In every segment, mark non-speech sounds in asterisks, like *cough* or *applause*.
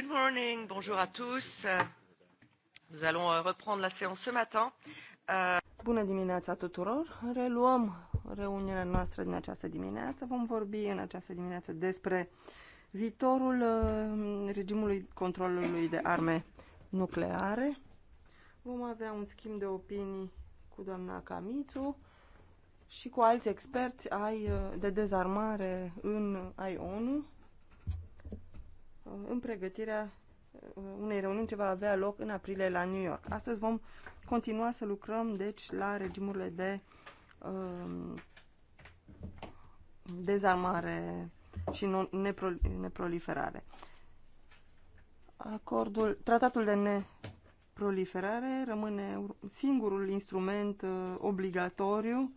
Good morning, bonjour à tous. Nous allons euh, reprendre la séance ce matin. Euh, Bună dimineața tuturor! Reluăm reuniunea noastră din această dimineață. Vom vorbi în această dimineață despre viitorul uh, regimului controlului de arme nucleare. Vom avea un schimb de opinii cu doamna Camițu și cu alți experți ai, uh, de dezarmare în ai ONU Uh, în pregătirea uh, unei reuniuni ce va avea loc în aprilie la New York. Astăzi vom continua să lucrăm, deci, la regimurile de uh, dezarmare și nepro, neproliferare. Acordul, tratatul de neproliferare rămâne singurul instrument uh, obligatoriu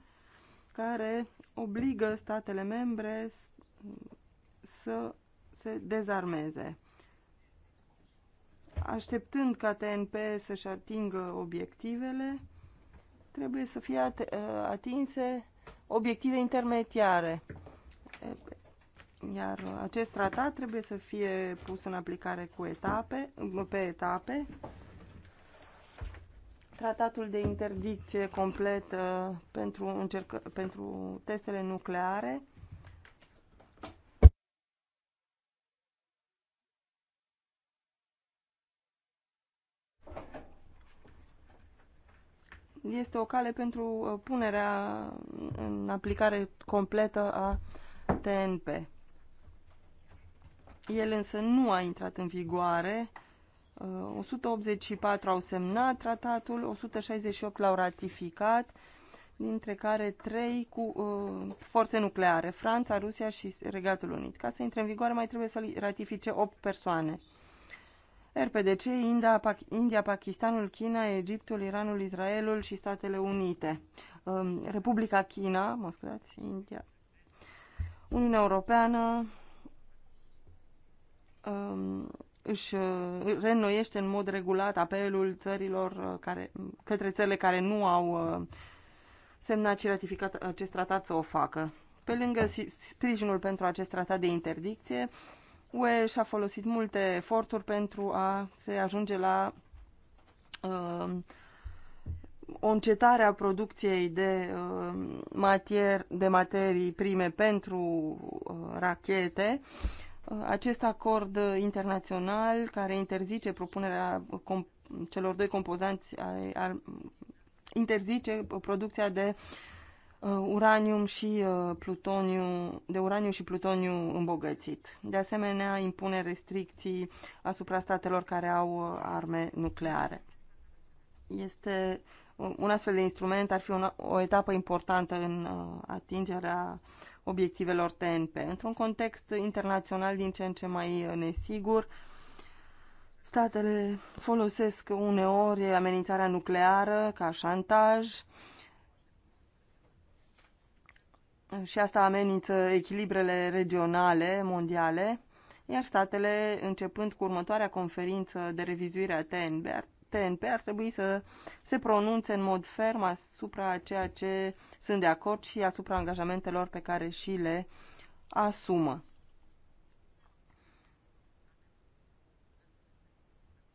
care obligă statele membre să se dezarmeze, așteptând ca TNP să-și atingă obiectivele, trebuie să fie ă, atinse obiective intermediare. Iar acest tratat trebuie să fie pus în aplicare cu etape, pe etape. Tratatul de interdicție complet ă, pentru, pentru testele nucleare este o cale pentru uh, punerea în aplicare completă a TNP. El însă nu a intrat în vigoare. 184 uh, au semnat tratatul, 168 l-au ratificat, dintre care trei cu uh, forțe nucleare, Franța, Rusia și Regatul Unit. Ca să intre în vigoare mai trebuie să ratifice 8 persoane. RPDC, India, Pac India, Pakistanul, China, Egiptul, Iranul, Israelul și Statele Unite. Um, Republica China, mă scuzați, India. Uniunea Europeană um, își uh, reînnoiește în mod regulat apelul țărilor uh, care, către țările care nu au uh, semnat și ratificat acest tratat să o facă. Pe lângă sprijinul pentru acest tratat de interdicție, UE și-a folosit multe eforturi pentru a se ajunge la uh, o încetare a producției de, uh, matier, de materii prime pentru uh, rachete. Uh, acest acord internațional care interzice propunerea celor doi compozanți, interzice producția de uh, Uh, uranium și uh, plutoniu, de uraniu și plutoniu îmbogățit. De asemenea, impune restricții asupra statelor care au uh, arme nucleare. Este un astfel de instrument ar fi una, o etapă importantă în atingerea obiectivelor TNP. Într-un context internațional din ce în ce mai nesigur, statele folosesc uneori amenințarea nucleară ca șantaj, și asta amenință echilibrele regionale, mondiale, iar statele, începând cu următoarea conferință de revizuire a TNP, TNP, ar trebui să se pronunțe în mod ferm asupra ceea ce sunt de acord și asupra angajamentelor pe care și le asumă.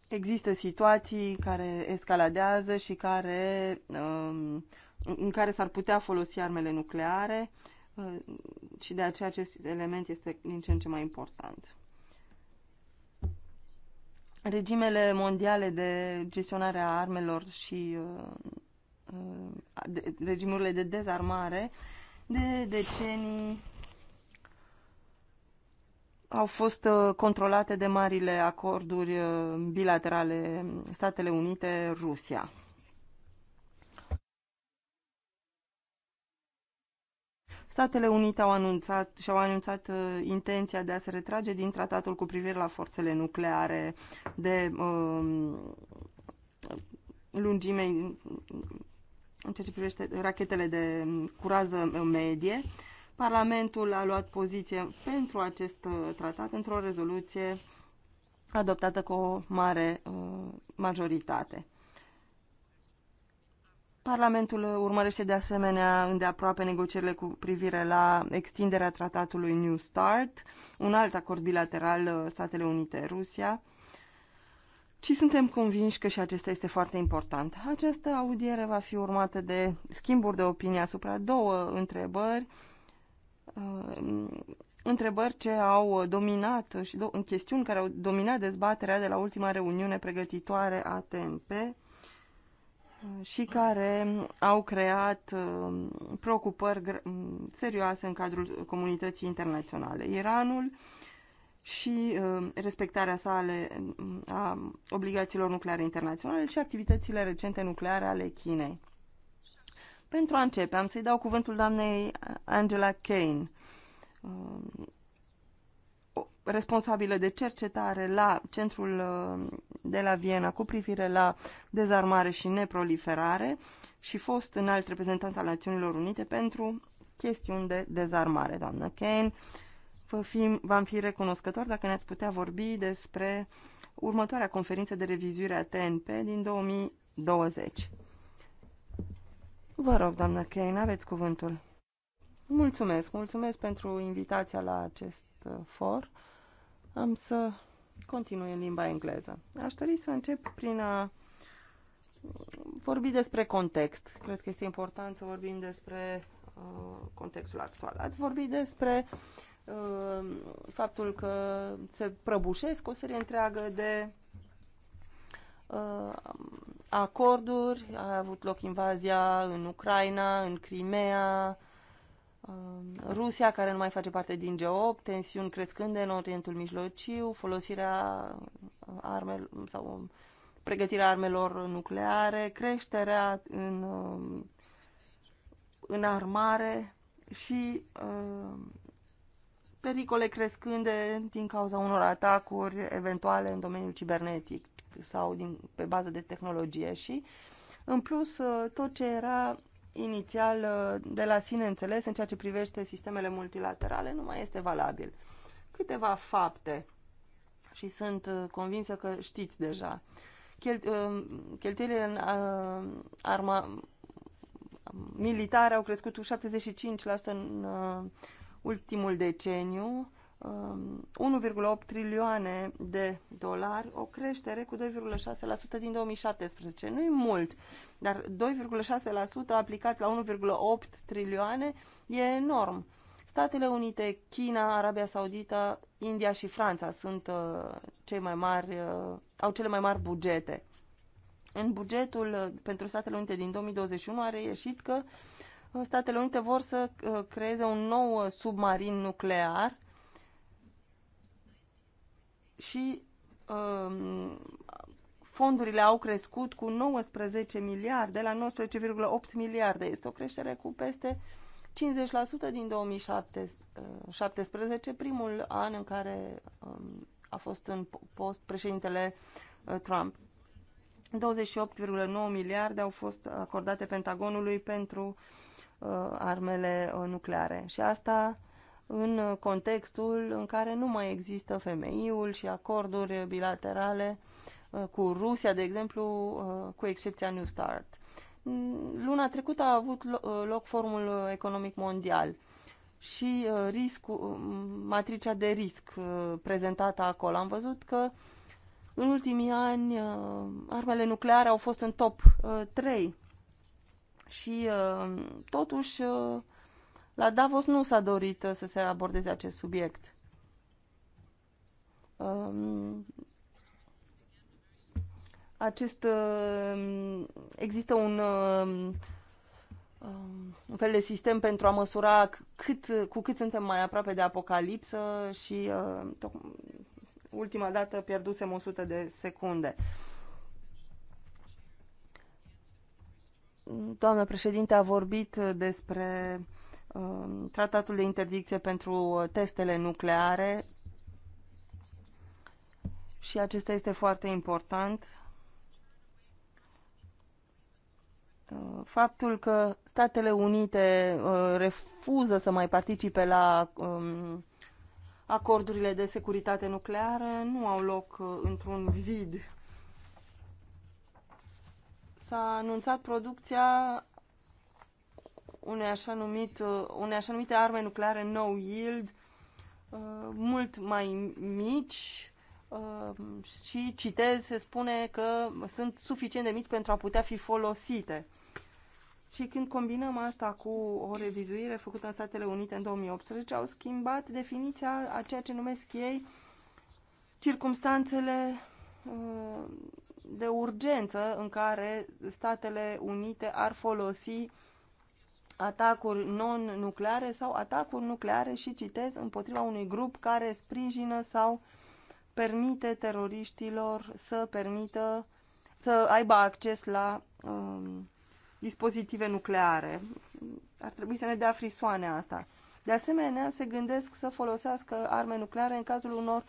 Există situații care escaladează și care uh, în care s-ar putea folosi armele nucleare uh, și de aceea acest element este din ce în ce mai important. Regimele mondiale de gestionare a armelor și uh, uh, regimurile de dezarmare de decenii au fost controlate de marile acorduri bilaterale Statele Unite-Rusia. Statele Unite au anunțat și-au anunțat uh, intenția de a se retrage din tratatul cu privire la forțele nucleare de uh, lungime în ceea ce privește rachetele de curază medie. Parlamentul a luat poziție pentru acest uh, tratat într-o rezoluție adoptată cu o mare uh, majoritate. Parlamentul urmărește de asemenea îndeaproape negocierile cu privire la extinderea tratatului New Start, un alt acord bilateral uh, Statele Unite-Rusia, și suntem convinși că și acesta este foarte important. Această audiere va fi urmată de schimburi de opinie asupra două întrebări, uh, întrebări ce au dominat și în chestiuni care au dominat dezbaterea de la ultima reuniune pregătitoare a TNP, și care au creat uh, preocupări serioase în cadrul comunității internaționale. Iranul și uh, respectarea sale mm, a obligațiilor nucleare internaționale și activitățile recente nucleare ale Chinei. Pentru a începe, am să-i dau cuvântul doamnei Angela Kane, uh, responsabilă de cercetare la centrul uh, de la Viena cu privire la dezarmare și neproliferare și fost înalt reprezentant al Națiunilor Unite pentru chestiuni de dezarmare, doamnă Kane. fi, v-am fi recunoscător dacă ne-ați putea vorbi despre următoarea conferință de revizuire a TNP din 2020. Vă rog, doamnă Kane, aveți cuvântul. Mulțumesc, mulțumesc pentru invitația la acest uh, for. Am să continui în limba engleză. Aș dori să încep prin a vorbi despre context. Cred că este important să vorbim despre uh, contextul actual. Ați vorbit despre uh, faptul că se prăbușesc o serie întreagă de uh, acorduri. A avut loc invazia în Ucraina, în Crimea, Um, Rusia, care nu mai face parte din G8, tensiuni crescânde în Orientul Mijlociu, folosirea armelor sau pregătirea armelor nucleare, creșterea în, um, în armare și um, pericole crescânde din cauza unor atacuri eventuale în domeniul cibernetic sau din, pe bază de tehnologie și, în plus, uh, tot ce era inițial uh, de la sine înțeles în ceea ce privește sistemele multilaterale nu mai este valabil. Câteva fapte și sunt uh, convinsă că știți deja. Chel, uh, cheltuielile în arma militare au crescut cu 75% în ultimul deceniu 1,8 um, trilioane de dolari, o creștere cu 2,6% din 2017. Nu e mult, dar 2,6% aplicați la 1,8 trilioane e enorm. Statele Unite, China, Arabia Saudită, India și Franța sunt uh, cei mai mari, uh, au cele mai mari bugete. În bugetul uh, pentru Statele Unite din 2021 a reieșit că uh, Statele Unite vor să uh, creeze un nou submarin nuclear și um, fondurile au crescut cu 19 miliarde la 19,8 miliarde. Este o creștere cu peste 50% din 2017, uh, primul an în care um, a fost în post președintele uh, Trump. 28,9 miliarde au fost acordate Pentagonului pentru uh, armele uh, nucleare. Și asta uh, în contextul în care nu mai există femeiul și acorduri bilaterale uh, cu Rusia, de exemplu, uh, cu excepția New Start. Mm, luna trecută a avut uh, loc Forumul Economic Mondial și riscul, matricea de risc prezentată acolo. Am văzut că în ultimii ani armele nucleare au fost în top 3 și totuși la Davos nu s-a dorit uh, să se abordeze acest subiect. Um, acest, um, există un, um, un fel de sistem pentru a măsura cât, cu cât suntem mai aproape de apocalipsă și uh, ultima dată pierdusem 100 de secunde. Doamna președinte a vorbit despre Um, tratatul de interdicție pentru testele nucleare și acesta este foarte important. Uh, faptul că Statele Unite uh, refuză să mai participe la um, acordurile de securitate nucleară nu au loc uh, într-un vid. S-a anunțat producția unei așa, numit, uh, unei așa numite arme nucleare no yield uh, mult mai mici uh, și citez, se spune că sunt suficient de mici pentru a putea fi folosite. Și când combinăm asta cu o revizuire făcută în Statele Unite în 2018, au schimbat definiția a ceea ce numesc ei circumstanțele de urgență în care Statele Unite ar folosi atacuri non-nucleare sau atacuri nucleare și citez împotriva unui grup care sprijină sau permite teroriștilor să permită să aibă acces la um, dispozitive nucleare. Ar trebui să ne dea frisoane asta. De asemenea, se gândesc să folosească arme nucleare în cazul unor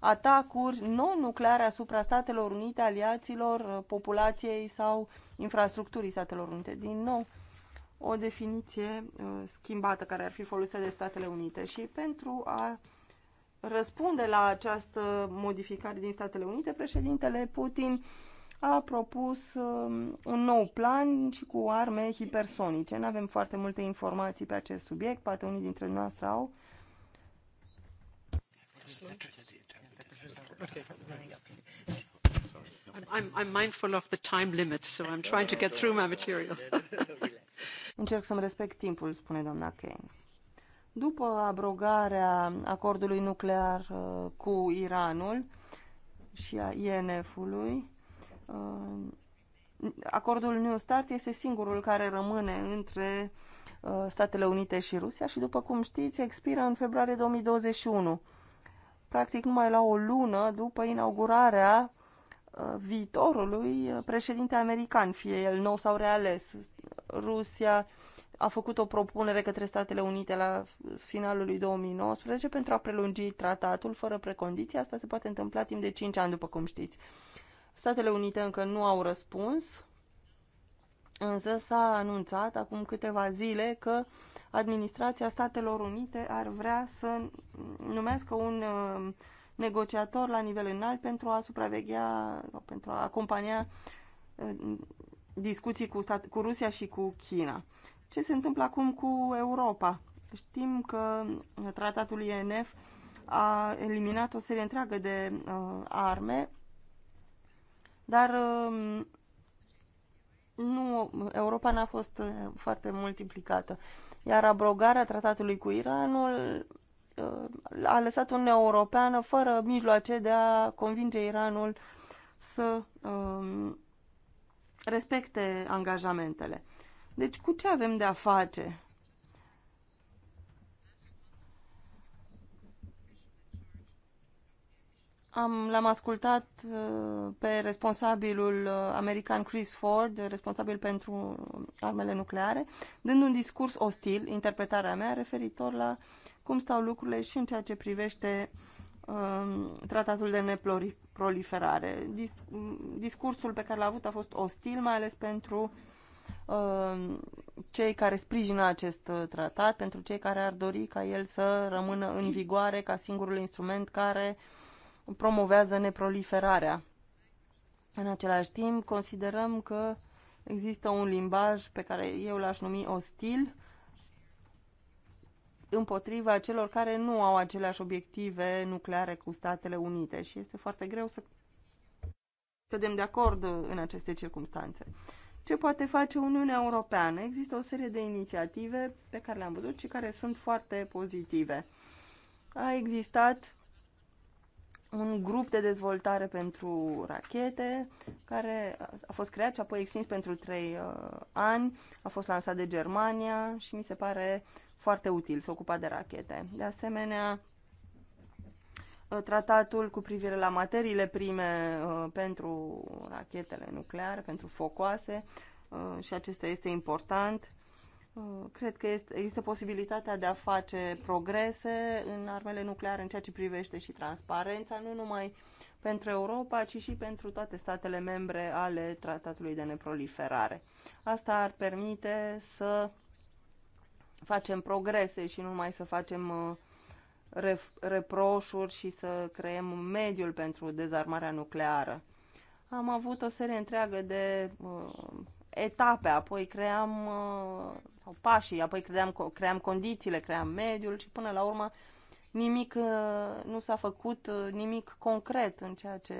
atacuri non-nucleare asupra Statelor Unite, aliaților, uh, populației sau infrastructurii Statelor Unite. Din nou, o definiție uh, schimbată care ar fi folosită de Statele Unite și pentru a răspunde la această modificare din Statele Unite, președintele Putin a propus uh, un nou plan și cu arme hipersonice. Nu avem foarte multe informații pe acest subiect, poate unii dintre noastre au. I'm, I'm mindful of the time limit, so I'm trying to get through my material. *laughs* Încerc să-mi respect timpul, spune doamna Kane. După abrogarea acordului nuclear uh, cu Iranul și a INF-ului, uh, acordul New START este singurul care rămâne între uh, Statele Unite și Rusia și, după cum știți, expiră în februarie 2021, practic numai la o lună după inaugurarea viitorului uh, președinte american, fie el nou sau reales. Rusia a făcut o propunere către Statele Unite la finalul lui 2019 pentru a prelungi tratatul fără precondiții. Asta se poate întâmpla timp de 5 ani, după cum știți. Statele Unite încă nu au răspuns, însă s-a anunțat acum câteva zile că administrația Statelor Unite ar vrea să numească un uh, negociator la nivel înalt pentru a supraveghea sau pentru a acompania uh, discuții cu, stat, cu Rusia și cu China. Ce se întâmplă acum cu Europa? Știm că tratatul INF a eliminat o serie întreagă de uh, arme, dar uh, nu, Europa n-a fost uh, foarte mult implicată. Iar abrogarea tratatului cu Iranul Uh, a lăsat Uniunea Europeană fără mijloace de a convinge Iranul să um, respecte angajamentele. Deci cu ce avem de a face? Am, l-am ascultat uh, pe responsabilul uh, american Chris Ford, responsabil pentru armele nucleare, dând un discurs ostil, interpretarea mea, referitor la uh, cum stau lucrurile și în ceea ce privește um, tratatul de neproliferare. Dis mm, discursul pe care l-a avut a fost ostil, mai ales pentru um, cei care sprijină acest uh, tratat, pentru cei care ar dori ca el să rămână în vigoare ca singurul instrument care promovează neproliferarea. În același timp, considerăm că există un limbaj pe care eu l-aș numi ostil împotriva celor care nu au aceleași obiective nucleare cu Statele Unite și este foarte greu să cădem de acord în aceste circunstanțe. Ce poate face Uniunea Europeană? Există o serie de inițiative pe care le-am văzut și care sunt foarte pozitive. A existat un grup de dezvoltare pentru rachete care a fost creat și apoi extins pentru trei uh, ani, a fost lansat de Germania și mi se pare foarte util, se ocupa de rachete. De asemenea, tratatul cu privire la materiile prime uh, pentru rachetele nucleare, pentru focoase, uh, și acesta este important. Uh, cred că este, există posibilitatea de a face progrese în armele nucleare în ceea ce privește și transparența, nu numai pentru Europa, ci și pentru toate statele membre ale Tratatului de Neproliferare. Asta ar permite să facem progrese și nu mai să facem uh, reproșuri și să creăm mediul pentru dezarmarea nucleară. Am avut o serie întreagă de uh, etape, apoi cream uh, sau pașii, apoi cream, cream condițiile, cream mediul și până la urmă nimic uh, nu s-a făcut, uh, nimic concret în ceea ce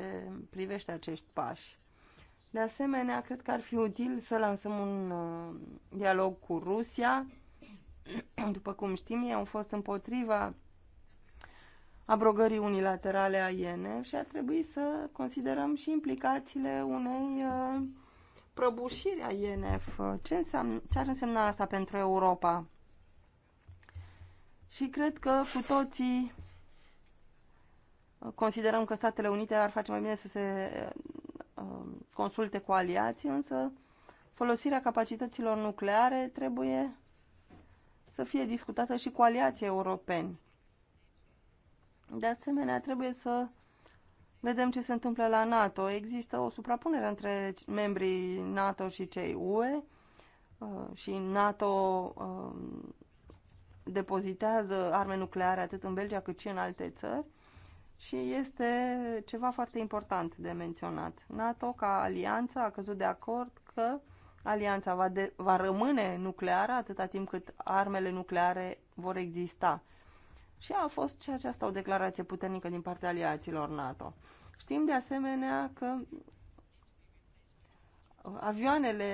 privește acești pași. De asemenea, cred că ar fi util să lansăm un uh, dialog cu Rusia, *clears throat* După cum știm, ei au fost împotriva abrogării unilaterale a IENE și ar trebui să considerăm și implicațiile unei uh, prăbușiri a INF. Ce, înseamnă, ce ar însemna asta pentru Europa? Și cred că cu toții uh, considerăm că Statele Unite ar face mai bine să se uh, um, consulte cu aliații, însă folosirea capacităților nucleare trebuie să fie discutată și cu aliații europeni. De asemenea, trebuie să vedem ce se întâmplă la NATO. Există o suprapunere între membrii NATO și cei UE uh, și NATO um, depozitează arme nucleare atât în Belgia cât și în alte țări și este ceva foarte important de menționat. NATO ca alianță a căzut de acord că alianța va, de, va rămâne nucleară atâta timp cât armele nucleare vor exista. Și a fost și aceasta o declarație puternică din partea aliaților NATO. Știm de asemenea că avioanele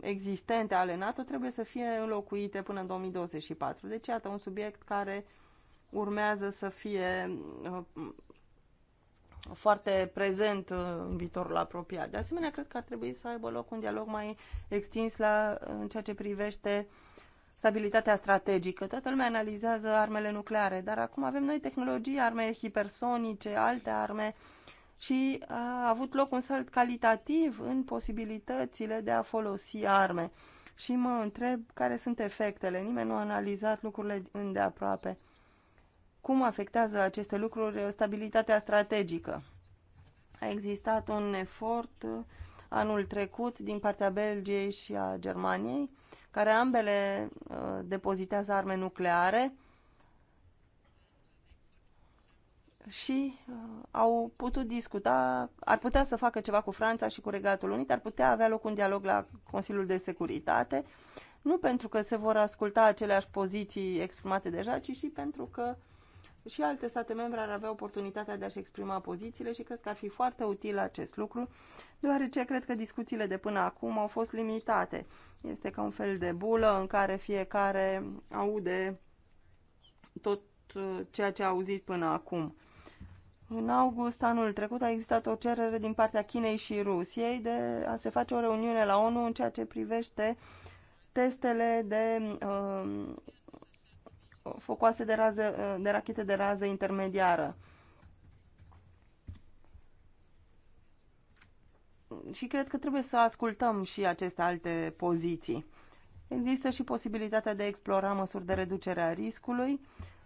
existente ale NATO trebuie să fie înlocuite până în 2024. Deci, iată, un subiect care urmează să fie uh, foarte prezent uh, în viitorul apropiat. De asemenea, cred că ar trebui să aibă loc un dialog mai extins la, în ceea ce privește stabilitatea strategică. Toată lumea analizează armele nucleare, dar acum avem noi tehnologii, arme hipersonice, alte arme și a avut loc un salt calitativ în posibilitățile de a folosi arme. Și mă întreb care sunt efectele. Nimeni nu a analizat lucrurile îndeaproape. aproape cum afectează aceste lucruri stabilitatea strategică? A existat un efort anul trecut din partea Belgiei și a Germaniei, care ambele uh, depozitează arme nucleare și uh, au putut discuta, ar putea să facă ceva cu Franța și cu Regatul Unit, ar putea avea loc un dialog la Consiliul de Securitate, nu pentru că se vor asculta aceleași poziții exprimate deja, ci și pentru că și alte state membre ar avea oportunitatea de a-și exprima pozițiile și cred că ar fi foarte util acest lucru, deoarece cred că discuțiile de până acum au fost limitate. Este ca un fel de bulă în care fiecare aude tot uh, ceea ce a auzit până acum. În august anul trecut a existat o cerere din partea Chinei și Rusiei de a se face o reuniune la ONU în ceea ce privește testele de uh, focoase de, rază, de rachete de rază intermediară. Și cred că trebuie să ascultăm și aceste alte poziții. Există și posibilitatea de a explora măsuri de reducere a riscului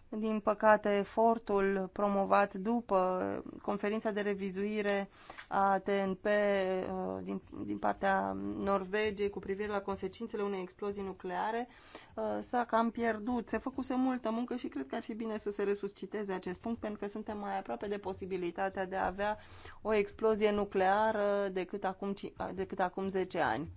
din păcate, efortul promovat după conferința de revizuire a TNP uh, din, din partea Norvegiei cu privire la consecințele unei explozii nucleare uh, s-a cam pierdut. Se făcuse multă muncă și cred că ar fi bine să se resusciteze acest punct pentru că suntem mai aproape de posibilitatea de a avea o explozie nucleară decât acum, uh, decât acum 10 ani.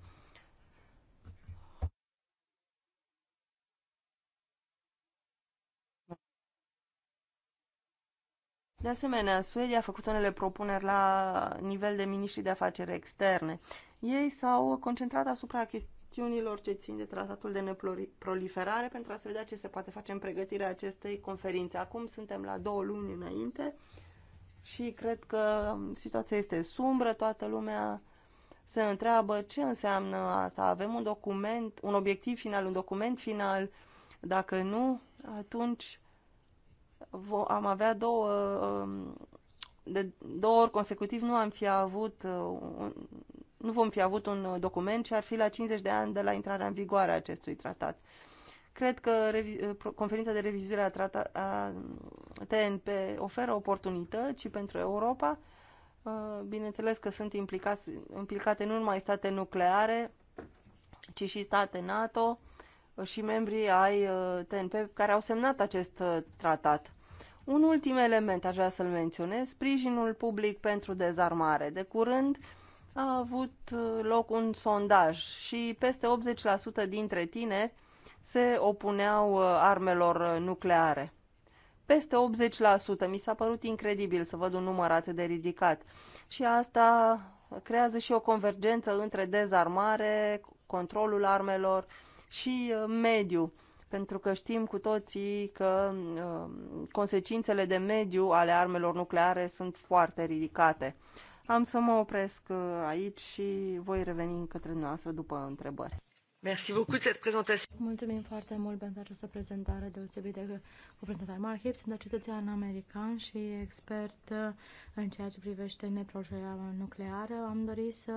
De asemenea, Suedia a făcut unele propuneri la nivel de miniștri de afaceri externe. Ei s-au concentrat asupra chestiunilor ce țin de tratatul de neproliferare pentru a se vedea ce se poate face în pregătirea acestei conferințe. Acum suntem la două luni înainte și cred că situația este sumbră, toată lumea se întreabă ce înseamnă asta. Avem un document, un obiectiv final, un document final. Dacă nu, atunci am avea două um, de două ori consecutiv nu am fi avut uh, un, nu vom fi avut un document și ar fi la 50 de ani de la intrarea în vigoare a acestui tratat. Cred că uh, conferința de revizuire a, trata, a TNP oferă oportunități și pentru Europa. Uh, bineînțeles că sunt implicați, implicate nu numai state nucleare, ci și state NATO și membrii ai uh, TNP care au semnat acest uh, tratat. Un ultim element aș vrea să-l menționez, sprijinul public pentru dezarmare. De curând a avut uh, loc un sondaj și peste 80% dintre tineri se opuneau armelor nucleare. Peste 80%, mi s-a părut incredibil să văd un număr atât de ridicat. Și asta creează și o convergență între dezarmare, controlul armelor, și uh, mediu, pentru că știm cu toții că uh, consecințele de mediu ale armelor nucleare sunt foarte ridicate. Am să mă opresc uh, aici și voi reveni către noastră după întrebări. Merci beaucoup de cette présentation. Mulțumim foarte mult pentru această prezentare deosebită de prezentare Mark Hibbs, sunt cetățean american și expert în ceea ce privește neproliferarea nucleară. Am dorit să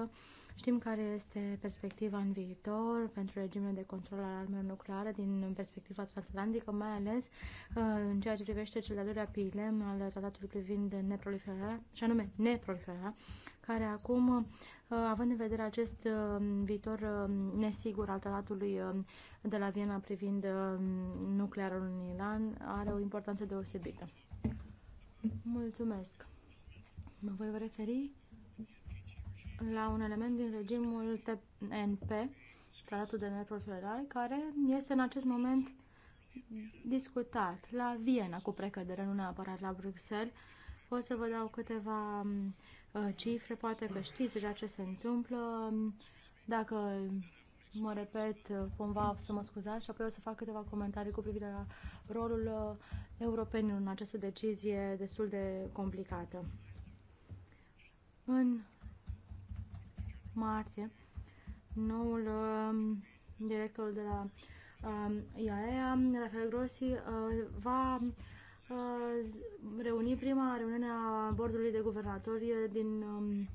Știm care este perspectiva în viitor pentru regimul de control al armelor nucleare din perspectiva transatlantică, mai ales uh, în ceea ce privește cel de-al doilea pilem al tratatului privind neproliferarea, și anume neproliferarea, care acum, uh, având în vedere acest uh, viitor nesigur al tratatului de la Viena privind nuclearul în Iran, are o importanță deosebită. Mulțumesc! Mă voi referi la un element din regimul TNP, Tratatul de Neproliferare, care este în acest moment discutat la Viena cu precădere, nu neapărat la Bruxelles. O să vă dau câteva mm, uh, cifre, poate că știți deja ce se întâmplă. Dacă mă repet, uh, cumva să mă scuzați și apoi o să fac câteva comentarii cu privire la rolul uh, europenilor în această decizie destul de complicată. În martie, noul um, director de la um, IAEA, Rafael Grossi, uh, va uh, reuni prima reuniune a bordului de guvernatori din um,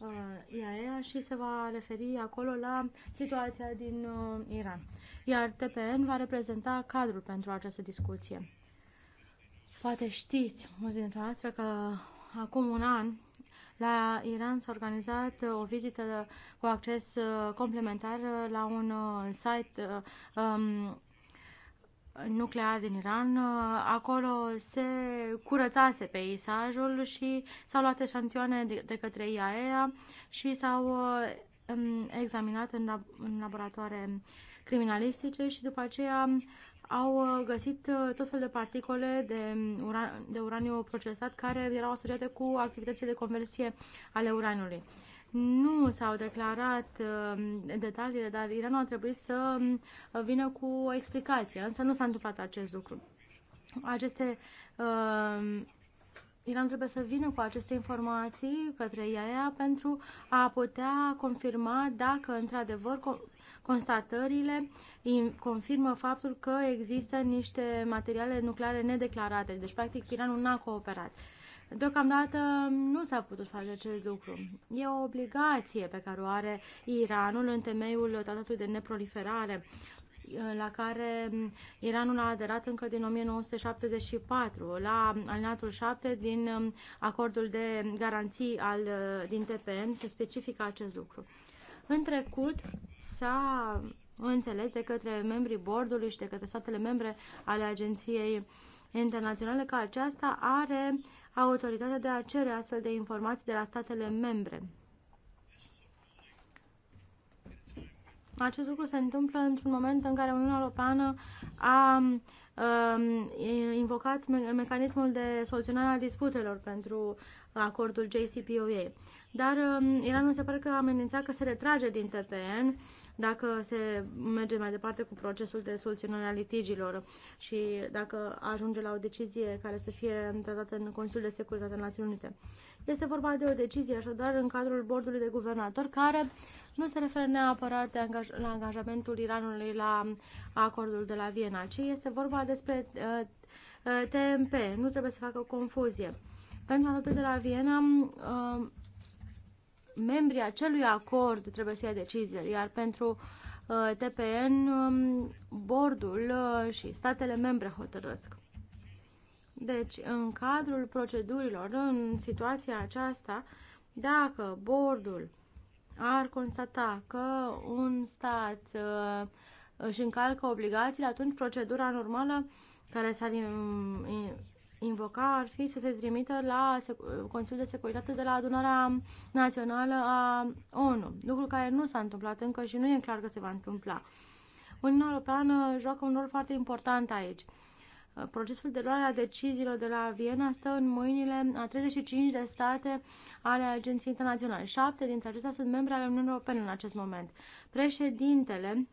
uh, IAEA și se va referi acolo la situația din Iran. Iar TPN va reprezenta cadrul pentru această discuție. Poate știți, mulți dintre noastre, că acum un an la Iran s-a organizat uh, o vizită cu acces uh, complementar uh, la un site um, nuclear din Iran. Acolo se curățase peisajul și s-au luat eșantioane de către IAEA și s-au Um, examinat în, în laboratoare criminalistice și după aceea au uh, găsit uh, tot fel de particole de, um, uran, de uraniu procesat care erau asociate cu activitățile de conversie ale uraniului. Nu s-au declarat um, detaliile, dar Iranul a trebuit să vină cu o explicație, însă nu s-a întâmplat acest lucru. Aceste uh, Iran trebuie să vină cu aceste informații către IAEA pentru a putea confirma dacă într-adevăr constatările confirmă faptul că există niște materiale nucleare nedeclarate. Deci, practic, Iranul n-a cooperat. Deocamdată nu s-a putut face acest lucru. E o obligație pe care o are Iranul în temeiul tratatului de neproliferare la care Iranul a aderat încă din 1974, la alinatul 7 din um, acordul de garanții al, uh, din TPM se specifică acest lucru. În trecut s-a înțeles de către membrii bordului și de către statele membre ale agenției internaționale că aceasta are autoritatea de a cere astfel de informații de la statele membre. Acest lucru se întâmplă într-un moment în care Uniunea Europeană a um, invocat mecanismul de soluționare a disputelor pentru acordul JCPOA. Dar um, Iranul se pare că amenința că se retrage din TPN dacă se merge mai departe cu procesul de soluționare a litigiilor și dacă ajunge la o decizie care să fie tratată în Consiliul de Securitate al Națiunilor Unite. Este vorba de o decizie, așadar, în cadrul bordului de guvernator, care uh, nu se referă neapărat la angajamentul Iranului la acordul de la Viena, ci este vorba despre uh, uh, TMP. Nu trebuie să facă confuzie. Pentru acordul de la Viena, uh, membrii acelui acord trebuie să ia decizie, iar pentru TPN, um, bordul și statele membre hotărăsc. Deci, în cadrul procedurilor, în situația aceasta, dacă bordul ar constata că un stat uh, își încalcă obligațiile, atunci procedura normală care s-ar invoca ar fi să se trimită la Consiliul de Securitate de la Adunarea Națională a ONU, lucru care nu s-a întâmplat încă și nu e clar că se va întâmpla. Uniunea Europeană joacă un rol foarte important aici. Procesul de luare a deciziilor de la Viena stă în mâinile a 35 de state ale agenției internaționale. Șapte dintre acestea sunt membre ale Uniunii Europene în acest moment. Președintele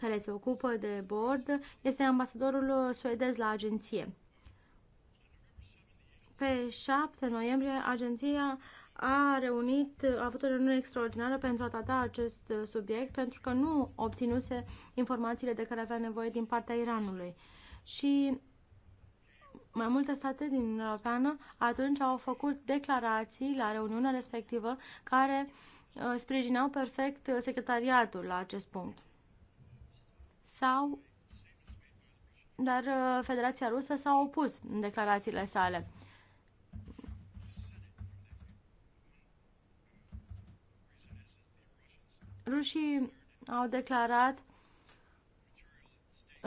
care se ocupă de bord este ambasadorul suedez la agenție. Pe 7 noiembrie, agenția a reunit, a avut o reuniune extraordinară pentru a trata acest subiect, pentru că nu obținuse informațiile de care avea nevoie din partea Iranului și mai multe state din Uniunea Europeană atunci au făcut declarații la reuniunea respectivă care uh, sprijineau perfect uh, secretariatul la acest punct. Sau, dar uh, Federația Rusă s-a opus în declarațiile sale. Rușii au declarat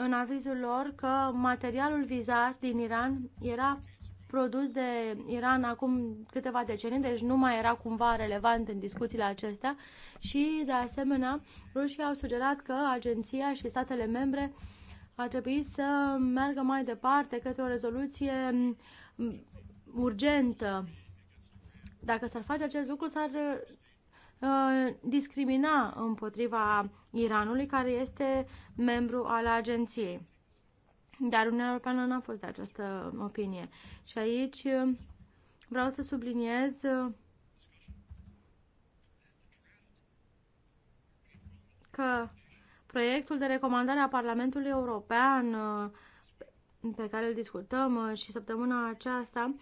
în avizul lor că materialul vizat din Iran era produs de Iran acum câteva decenii, deci nu mai era cumva relevant în discuțiile acestea și, de asemenea, rușii au sugerat că agenția și statele membre ar trebui să meargă mai departe către o rezoluție mm, urgentă. Dacă s-ar face acest lucru, s-ar Uh, discrimina împotriva Iranului, care este membru al agenției. Dar Uniunea Europeană n-a fost de această opinie. Și aici uh, vreau să subliniez uh, că proiectul de recomandare a Parlamentului European pe care îl discutăm și săptămâna aceasta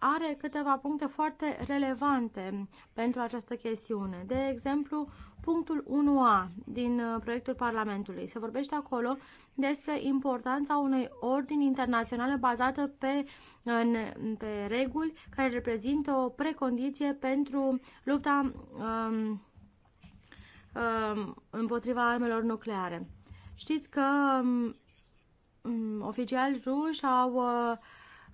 are câteva puncte foarte relevante pentru această chestiune. De exemplu, punctul 1a din uh, proiectul Parlamentului. Se vorbește acolo despre importanța unei ordini internaționale bazată pe, în, uh, pe reguli care reprezintă o precondiție pentru lupta um, um, împotriva armelor nucleare. Știți că um, oficiali ruși au uh,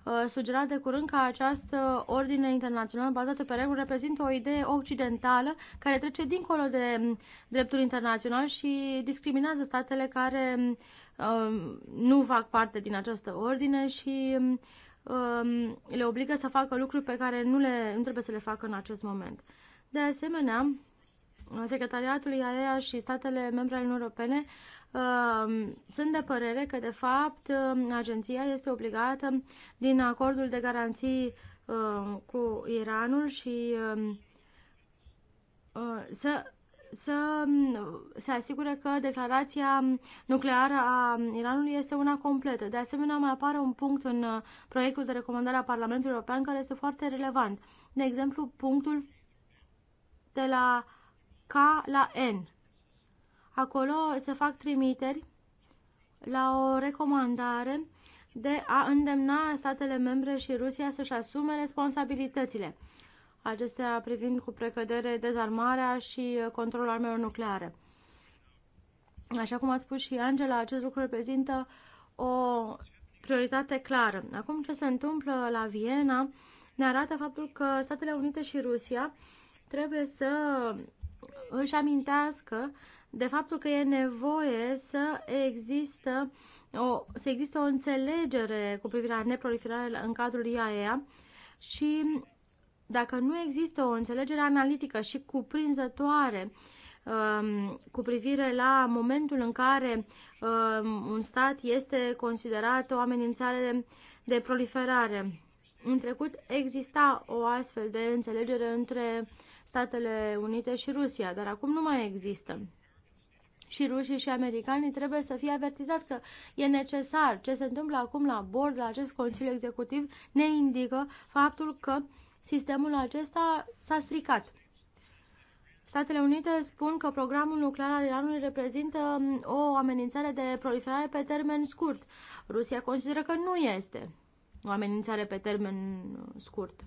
Uh, sugerat de curând că această ordine internațională bazată pe reguli reprezintă o idee occidentală care trece dincolo de mm, dreptul internațional și discriminează statele care uh, nu fac parte din această ordine și mm, um, le obligă să facă lucruri pe care nu, le, nu trebuie să le facă în acest moment. De asemenea, Secretariatul IAEA și statele membre ale Uniunii Europene Ehm, sunt de părere că, de fapt, ehm, agenția este obligată din acordul de garanții ehm, cu Iranul și să, să mm, se asigure că declarația nucleară a Iranului este una completă. De asemenea, mai apare un punct în uh, proiectul de recomandare a Parlamentului European care este foarte relevant. De exemplu, punctul de la K la N Acolo se fac trimiteri la o recomandare de a îndemna statele membre și Rusia să-și asume responsabilitățile, acestea privind cu precădere dezarmarea și controlul armelor nucleare. Așa cum a spus și Angela, acest lucru reprezintă o prioritate clară. Acum ce se întâmplă la Viena ne arată faptul că Statele Unite și Rusia trebuie să își amintească de faptul că e nevoie să există o, să există o înțelegere cu privire la neproliferare în cadrul IAEA și dacă nu există o înțelegere analitică și cuprinzătoare um, cu privire la momentul în care um, un stat este considerat o amenințare de proliferare. În trecut exista o astfel de înțelegere între Statele Unite și Rusia, dar acum nu mai există și rușii și americanii trebuie să fie avertizați că e necesar. Ce se întâmplă acum la bord, la acest Consiliu Executiv, ne indică faptul că sistemul acesta s-a stricat. Statele Unite spun că programul nuclear al Iranului reprezintă um, o amenințare de proliferare pe termen scurt. Rusia consideră că nu este o amenințare pe termen uh, scurt.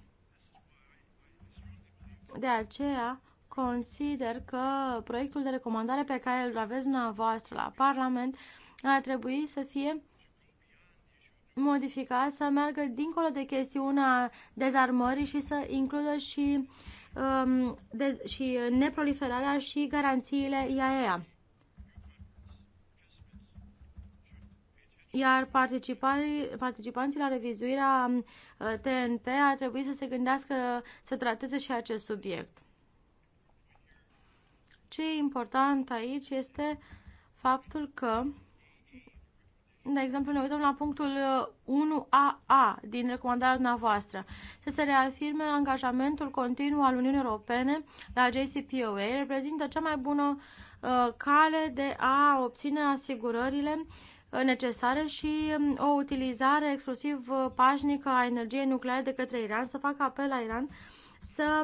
De aceea, consider că proiectul de recomandare pe care îl aveți dumneavoastră la Parlament ar trebui să fie modificat, să meargă dincolo de chestiunea dezarmării și să includă și, um, de, și neproliferarea și garanțiile IAEA. iar participanții la revizuirea uh, TNP ar trebui să se gândească să trateze și acest subiect. Ce e important aici este faptul că, de exemplu, ne uităm la punctul 1AA uh, din recomandarea dumneavoastră, să se reafirme angajamentul continuu al Uniunii Europene la JCPOA, reprezintă cea mai bună uh, cale de a obține asigurările uh, necesare și um, o utilizare exclusiv uh, pașnică a energiei nucleare de către Iran, să facă apel la Iran să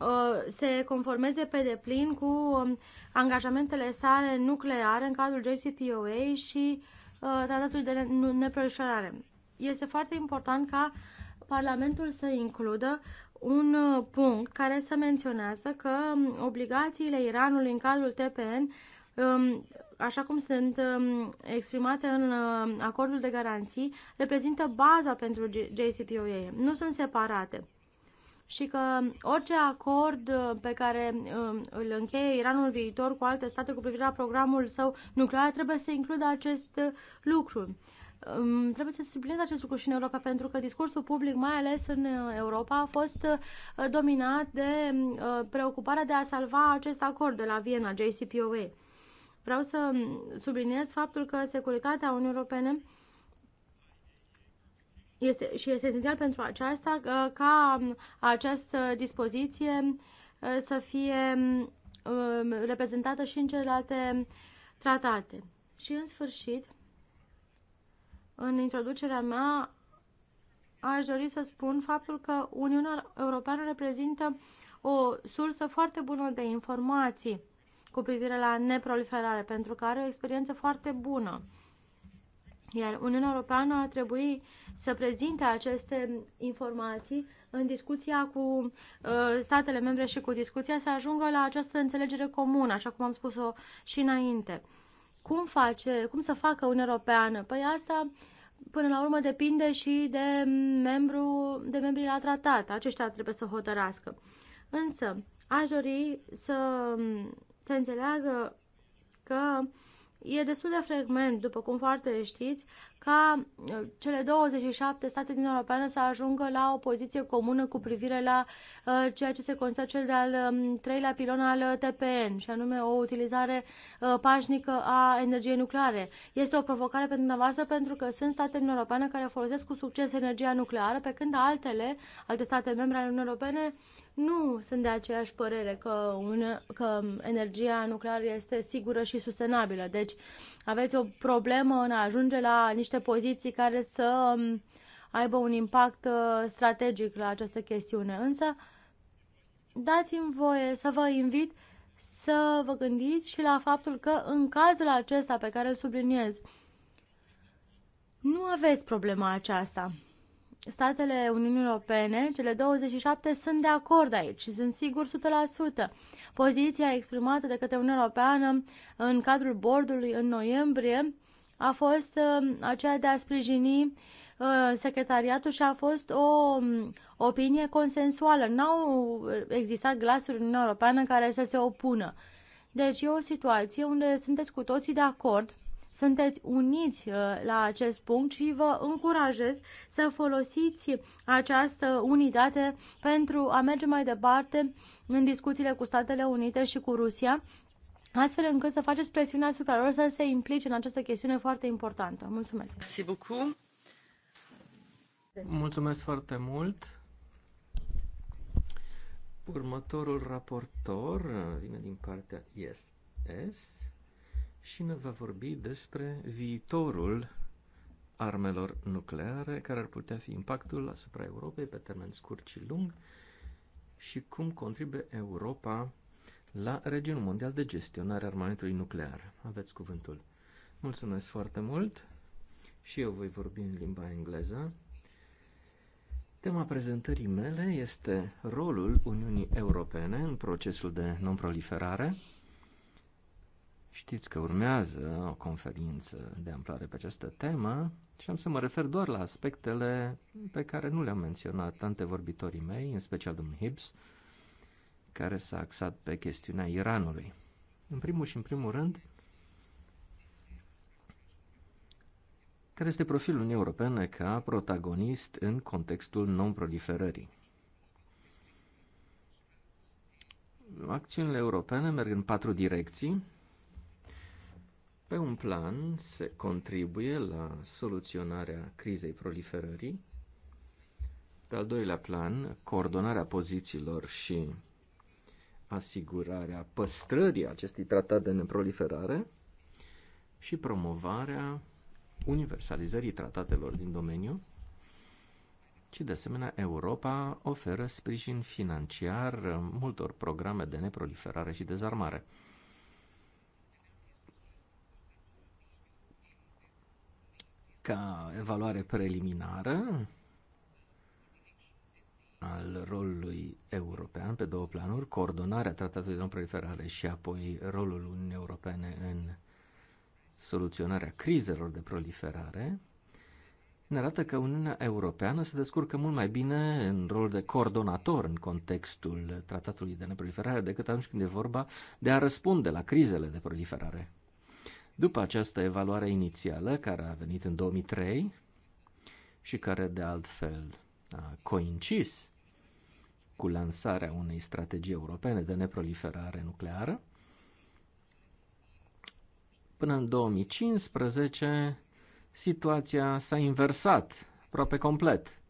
Uh, se conformeze pe deplin cu um, angajamentele sale nucleare în cadrul JCPOA și uh, tratatul de neproliferare. Este foarte important ca Parlamentul să includă un uh, punct care să menționează că um, obligațiile Iranului în cadrul TPN, um, așa cum sunt exprimate în acordul de garanții, reprezintă baza pentru JCPOA, nu sunt separate și că orice acord uh, pe care um, îl încheie Iranul viitor cu alte state cu privire la programul său nuclear trebuie să includă acest uh, lucru. Um, trebuie să subliniez acest lucru și în Europa, pentru că discursul public, mai ales în uh, Europa, a fost dominat de um, preocuparea de a salva acest acord de la Viena, JCPOA. Vreau să subliniez faptul că securitatea Uniunii Europene este, și este esențial pentru aceasta uh, ca um, această dispoziție uh, să fie um, reprezentată și în celelalte tratate. Și în sfârșit, în introducerea mea, aș dori să spun faptul că Uniunea Europeană reprezintă o sursă foarte bună de informații cu privire la neproliferare, pentru că are o experiență foarte bună iar Uniunea Europeană ar trebui să prezinte aceste informații în discuția cu uh, statele membre și cu discuția să ajungă la această înțelegere comună, așa cum am spus-o și înainte. Cum face, cum să facă Uniunea Europeană? Păi asta până la urmă depinde și de, membru, de membrii la tratat. Aceștia trebuie să hotărască. Însă, aș dori să se înțeleagă că uh, E destul de frecvent, după cum foarte știți, ca uh, cele 27 state din Europeană să ajungă la o poziție comună cu privire la uh, ceea ce se consideră cel de-al um, treilea pilon al uh, TPN, și anume o utilizare pașnică a energiei nucleare. Este o provocare pentru dumneavoastră pentru că sunt state din Europeană care folosesc cu succes energia nucleară, pe când altele, alte state membre ale Uniunii Europene, nu sunt de aceeași părere că, un, că energia nucleară este sigură și sustenabilă. Deci aveți o problemă în a ajunge la niște niște poziții care să um, aibă un impact uh, strategic la această chestiune. Însă, dați-mi voie să vă invit să vă gândiți și la faptul că în cazul acesta pe care îl subliniez, nu aveți problema aceasta. Statele Uniunii Europene, cele 27, sunt de acord aici și sunt sigur 100%. Poziția exprimată de către Uniunea Europeană în cadrul bordului în noiembrie a fost uh, aceea de a sprijini uh, secretariatul și a fost o um, opinie consensuală. N-au existat glasuri în Europeană care să se opună. Deci e o situație unde sunteți cu toții de acord, sunteți uniți uh, la acest punct și vă încurajez să folosiți această unitate pentru a merge mai departe în discuțiile cu Statele Unite și cu Rusia astfel încât să faceți presiune asupra lor să se implice în această chestiune foarte importantă. Mulțumesc! Merci beaucoup. Mulțumesc foarte mult! Următorul raportor uh, vine din partea ISS și ne va vorbi despre viitorul armelor nucleare, care ar putea fi impactul asupra Europei pe termen scurt și lung și cum contribuie Europa la Regiunul Mondial de Gestionare a Armamentului Nuclear. Aveți cuvântul. Mulțumesc foarte mult și eu voi vorbi în limba engleză. Tema prezentării mele este rolul Uniunii Europene în procesul de non-proliferare. Știți că urmează o conferință de amplare pe această temă și am să mă refer doar la aspectele pe care nu le-am menționat tante vorbitorii mei, în special domnul Hibbs, care s-a axat pe chestiunea Iranului. În primul și în primul rând, care este profilul Uniunii Europene ca protagonist în contextul non-proliferării. Acțiunile europene merg în patru direcții. Pe un plan se contribuie la soluționarea crizei proliferării. Pe al doilea plan, coordonarea pozițiilor și asigurarea păstrării acestui tratat de neproliferare și promovarea universalizării tratatelor din domeniu și de asemenea Europa oferă sprijin financiar multor programe de neproliferare și dezarmare. Ca evaluare preliminară, al rolului european pe două planuri, coordonarea tratatului de non-proliferare și apoi rolul Uniunii Europene în soluționarea crizelor de proliferare, ne arată că Uniunea Europeană se descurcă mult mai bine în rolul de coordonator în contextul tratatului de neproliferare decât atunci când e vorba de a răspunde la crizele de proliferare. După această evaluare inițială, care a venit în 2003 și care de altfel a coincis cu lansarea unei strategii europene de neproliferare nucleară. Până în 2015, situația s-a inversat aproape complet.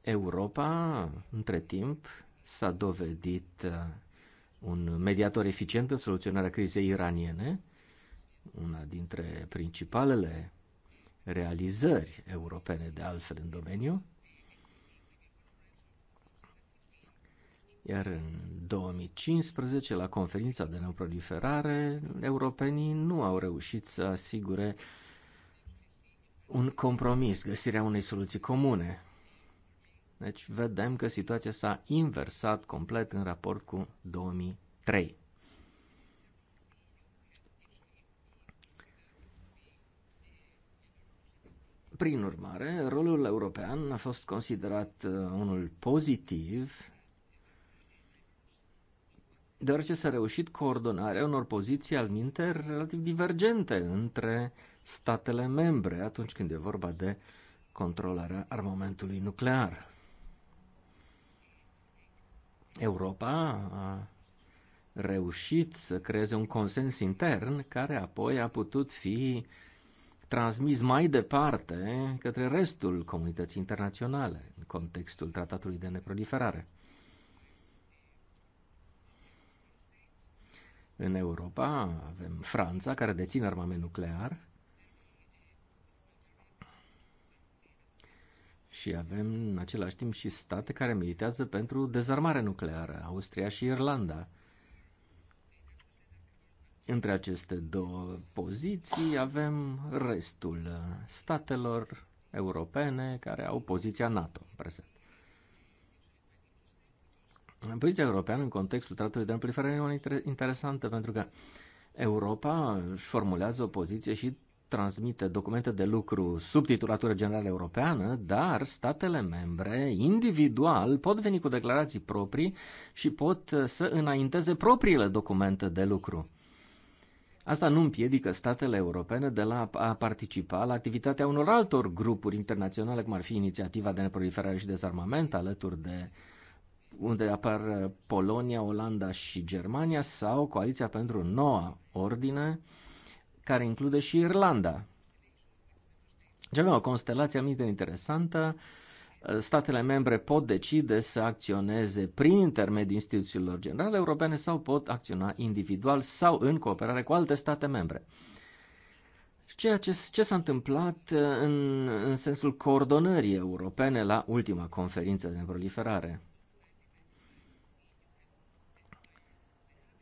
Europa, între timp, s-a dovedit uh, un mediator eficient în soluționarea crizei iraniene, una dintre principalele realizări europene de altfel în domeniu. Iar în 2015, la conferința de neproliferare, europenii nu au reușit să asigure un compromis, găsirea unei soluții comune. Deci vedem că situația s-a inversat complet în raport cu 2003. Prin urmare, rolul european a fost considerat uh, unul pozitiv deoarece s-a reușit coordonarea unor poziții al minte relativ divergente între statele membre atunci când e vorba de controlarea armamentului nuclear. Europa a reușit să creeze un consens intern care apoi a putut fi transmis mai departe către restul comunității internaționale în contextul Tratatului de Neproliferare. în Europa, avem Franța, care deține armament nuclear, și avem în același timp și state care militează pentru dezarmare nucleară, Austria și Irlanda. Între aceste două poziții avem restul statelor europene care au poziția NATO în prezent. Poziția europeană în contextul tratului de amplificare e una interesantă pentru că Europa își formulează o poziție și transmite documente de lucru sub titulatură generală europeană, dar statele membre individual pot veni cu declarații proprii și pot uh, să înainteze propriile documente de lucru. Asta nu împiedică statele europene de la a participa la activitatea unor altor grupuri internaționale, cum ar fi inițiativa de neproliferare și dezarmament, alături de uh, unde apar Polonia, Olanda și Germania, sau Coaliția pentru Noua Ordine, care include și Irlanda. Deci avem o constelație aminte interesantă. Statele membre pot decide să acționeze prin intermediul instituțiilor generale europene sau pot acționa individual sau în cooperare cu alte state membre. Ceea ce, ce s-a întâmplat uh, în, în sensul coordonării europene la ultima conferință de proliferare.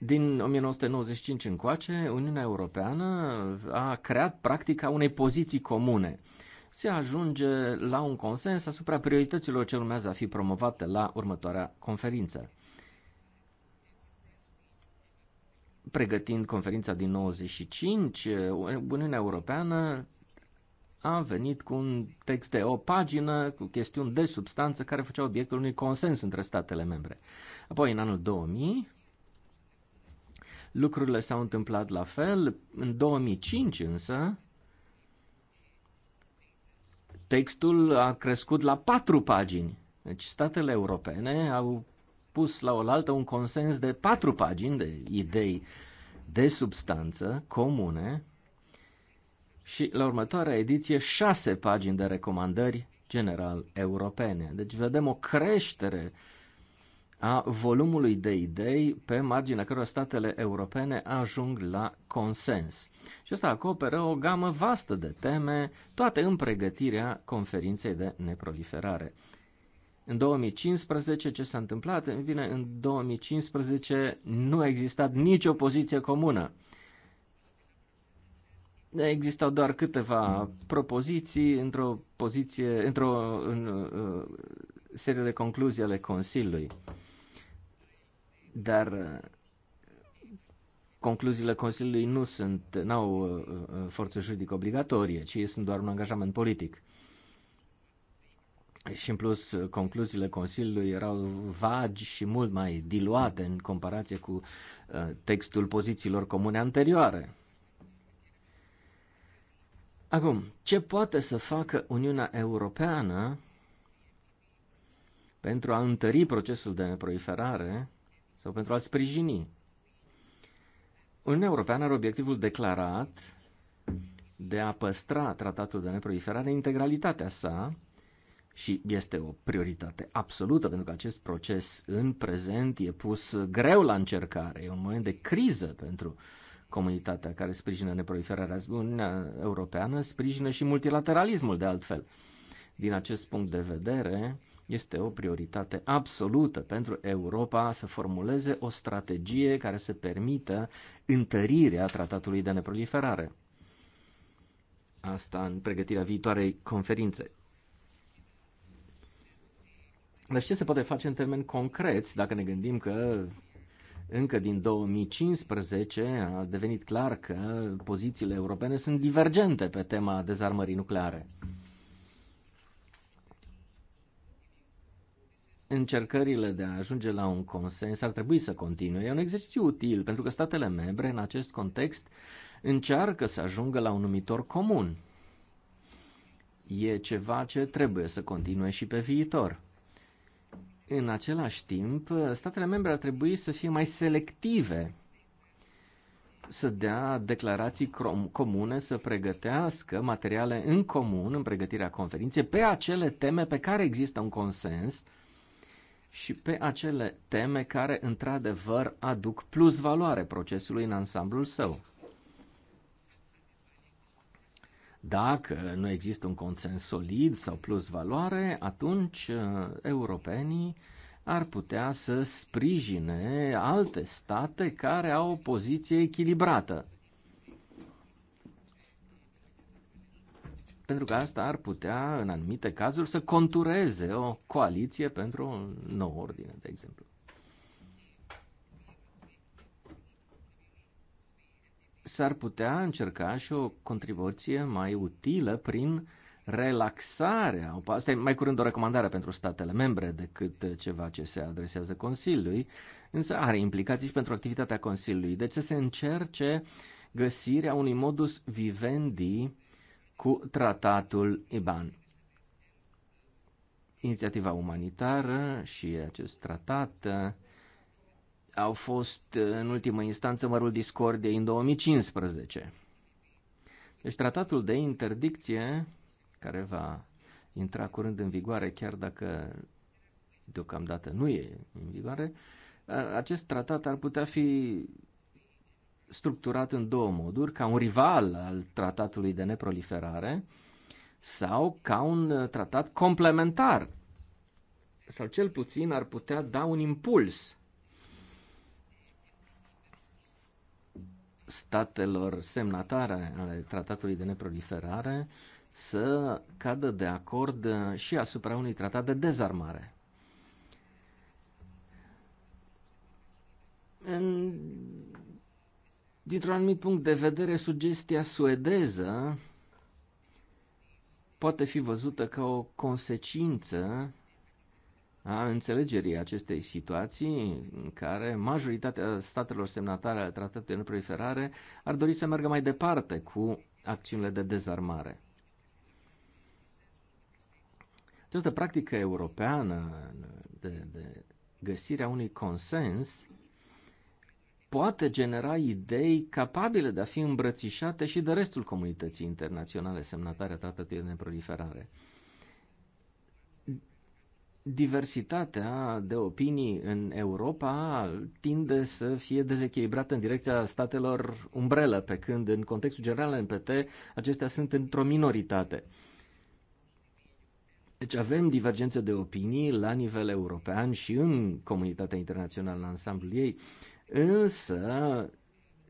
Din 1995 încoace, Uniunea Europeană a creat practica unei poziții comune. Se ajunge la un consens asupra priorităților ce urmează a fi promovate la următoarea conferință. Pregătind conferința din 95, Uniunea Europeană a venit cu un text de o pagină cu chestiuni de substanță care făcea obiectul unui consens între statele membre. Apoi, în anul 2000, lucrurile s-au întâmplat la fel. În 2005 însă, textul a crescut la patru pagini. Deci statele europene au pus la oaltă un consens de patru pagini de idei de substanță comune și la următoarea ediție șase pagini de recomandări general europene. Deci vedem o creștere uh, a volumului de idei pe marginea cărora statele europene ajung la consens. Și asta acoperă o gamă vastă de teme, toate în pregătirea conferinței de neproliferare. În 2015 ce s-a întâmplat? E bine, în 2015 nu a existat nicio poziție comună. Existau doar câteva propoziții într-o poziție, într-o în, în, uh, serie de concluzii ale Consiliului. Dar uh, concluziile Consiliului nu sunt, n-au uh, uh, forță juridică obligatorie, ci sunt doar un angajament politic. Și în plus, concluziile Consiliului erau vagi și mult mai diluate în comparație cu textul pozițiilor comune anterioare. Acum, ce poate să facă Uniunea Europeană pentru a întări procesul de neproliferare sau pentru a sprijini. Uniunea Europeană are obiectivul declarat de a păstra tratatul de neproliferare integralitatea sa și este o prioritate absolută pentru că acest proces în prezent e pus greu la încercare. E un moment de criză pentru comunitatea care sprijină neproliferarea. Uniunea Europeană sprijină și multilateralismul de altfel. Din acest punct de vedere, este o prioritate absolută pentru Europa să formuleze o strategie care să permită întărirea tratatului de neproliferare. Asta în pregătirea viitoarei conferințe. Dar ce se poate face în termeni concreți dacă ne gândim că încă din 2015 a devenit clar că pozițiile europene sunt divergente pe tema dezarmării nucleare. încercările de a ajunge la un consens ar trebui să continue. E un exercițiu util pentru că statele membre în acest context încearcă să ajungă la un numitor comun. E ceva ce trebuie să continue și pe viitor. În același timp, statele membre ar trebui să fie mai selective să dea declarații comune, să pregătească materiale în comun în pregătirea conferinței pe acele teme pe care există un consens și pe acele teme care, într-adevăr, aduc plus valoare procesului în ansamblul său. Dacă nu există un consens solid sau plus valoare, atunci uh, europenii ar putea să sprijine alte state care au o poziție echilibrată. pentru că asta ar putea, în anumite cazuri, să contureze o coaliție pentru o nouă ordine, de exemplu. S-ar putea încerca și o contribuție mai utilă prin relaxarea, asta e mai curând o recomandare pentru statele membre decât ceva ce se adresează Consiliului, însă are implicații și pentru activitatea Consiliului. Deci să se încerce găsirea unui modus vivendi cu tratatul IBAN. Inițiativa umanitară și acest tratat uh, au fost uh, în ultimă instanță mărul discordiei în 2015. Deci tratatul de interdicție, care va intra curând în vigoare, chiar dacă deocamdată nu e în vigoare, uh, acest tratat ar putea fi structurat în două moduri, ca un rival al tratatului de neproliferare sau ca un uh, tratat complementar sau cel puțin ar putea da un impuls statelor semnatare ale tratatului de neproliferare să cadă de acord uh, și asupra unui tratat de dezarmare. În Dintr-un anumit punct de vedere, sugestia suedeză poate fi văzută ca o consecință a înțelegerii acestei situații în care majoritatea statelor semnatare ale tratatului de neproliferare ar dori să meargă mai departe cu acțiunile de dezarmare. Această practică europeană de, de găsirea unui consens poate genera idei capabile de a fi îmbrățișate și de restul comunității internaționale semnatare a tratatului de neproliferare. Diversitatea de opinii în Europa tinde să fie dezechilibrată în direcția statelor umbrelă, pe când în contextul general NPT acestea sunt într-o minoritate. Deci avem divergențe de opinii la nivel european și în comunitatea internațională, în ansamblul ei. Uh, Însă,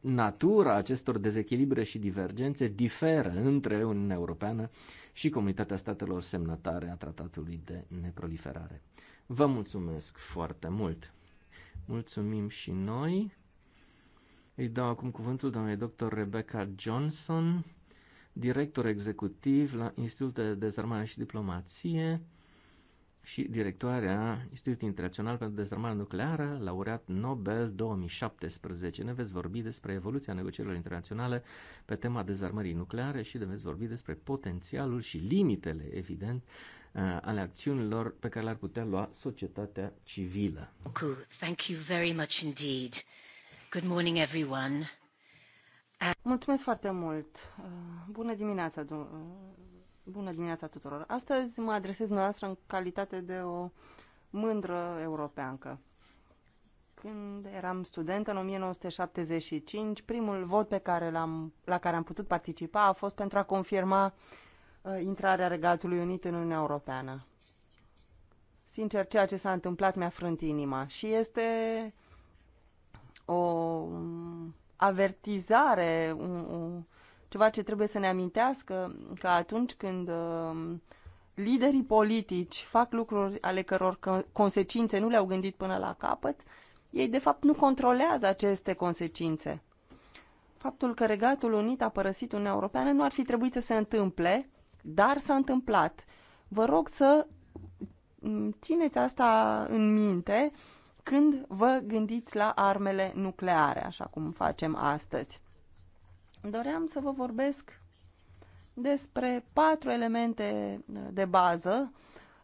natura acestor dezechilibre și divergențe diferă între Uniunea Europeană și comunitatea statelor semnătare a Tratatului de Neproliferare. Vă mulțumesc foarte mult! Mulțumim și noi! Îi dau acum cuvântul doamnei dr. Rebecca Johnson, director executiv la Institutul de Dezarmare și Diplomație și directoarea Institutului Internațional pentru Dezarmare Nucleară, laureat Nobel 2017. Ne veți vorbi despre evoluția negocierilor internaționale pe tema dezarmării nucleare și ne veți vorbi despre potențialul și limitele, evident, uh, ale acțiunilor pe care le-ar putea lua societatea civilă. Thank you very much indeed. Good morning everyone. Uh, Mulțumesc foarte mult. Uh, bună dimineața, Bună dimineața tuturor! Astăzi mă adresez noastră în calitate de o mândră europeancă. Când eram student în 1975, primul vot pe care l-am, la care am putut participa a fost pentru a confirma uh, intrarea Regatului Unit în Uniunea Europeană. Sincer, ceea ce s-a întâmplat mi-a frânt inima și este o avertizare, un, un, ceva ce trebuie să ne amintească că atunci când um, liderii politici fac lucruri ale căror consecințe nu le-au gândit până la capăt, ei de fapt nu controlează aceste consecințe. Faptul că Regatul Unit a părăsit Uniunea Europeană nu ar fi trebuit să se întâmple, dar s-a întâmplat. Vă rog să mm, țineți asta în minte când vă gândiți la armele nucleare, așa cum facem astăzi doream să vă vorbesc despre patru elemente uh, de bază,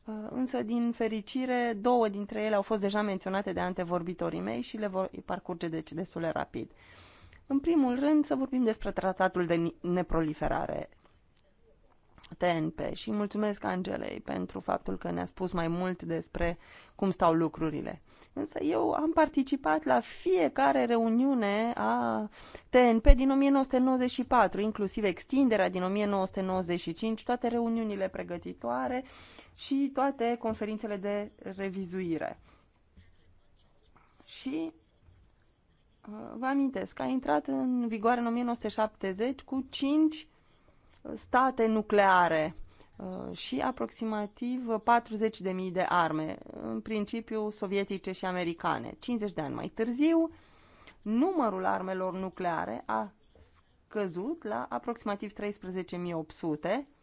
uh, însă din fericire două dintre ele au fost deja menționate de antevorbitorii mei și le voi parcurge deci destul de rapid. În primul rând să vorbim despre tratatul de neproliferare. TNP și mulțumesc Angelei pentru faptul că ne-a spus mai mult despre cum stau lucrurile. Însă eu am participat la fiecare reuniune a TNP din 1994, inclusiv extinderea din 1995, toate reuniunile pregătitoare și toate conferințele de revizuire. Și uh, vă amintesc, a intrat în vigoare în 1970 cu 5 state nucleare uh, și aproximativ 40.000 de arme, în principiu sovietice și americane. 50 de ani mai târziu, numărul armelor nucleare a scăzut la aproximativ 13.800,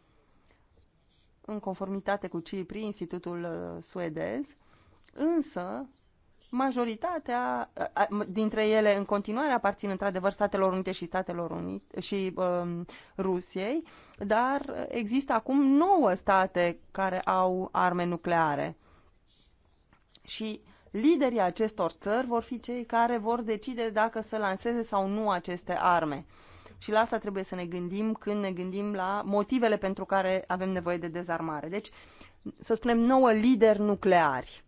în conformitate cu CIPRI, Institutul uh, Suedez, însă majoritatea dintre ele în continuare aparțin într-adevăr Statelor Unite și Statelor Unite și um, Rusiei, dar există acum nouă state care au arme nucleare. Și liderii acestor țări vor fi cei care vor decide dacă să lanseze sau nu aceste arme. Și la asta trebuie să ne gândim când ne gândim la motivele pentru care avem nevoie de dezarmare. Deci, să spunem, nouă lideri nucleari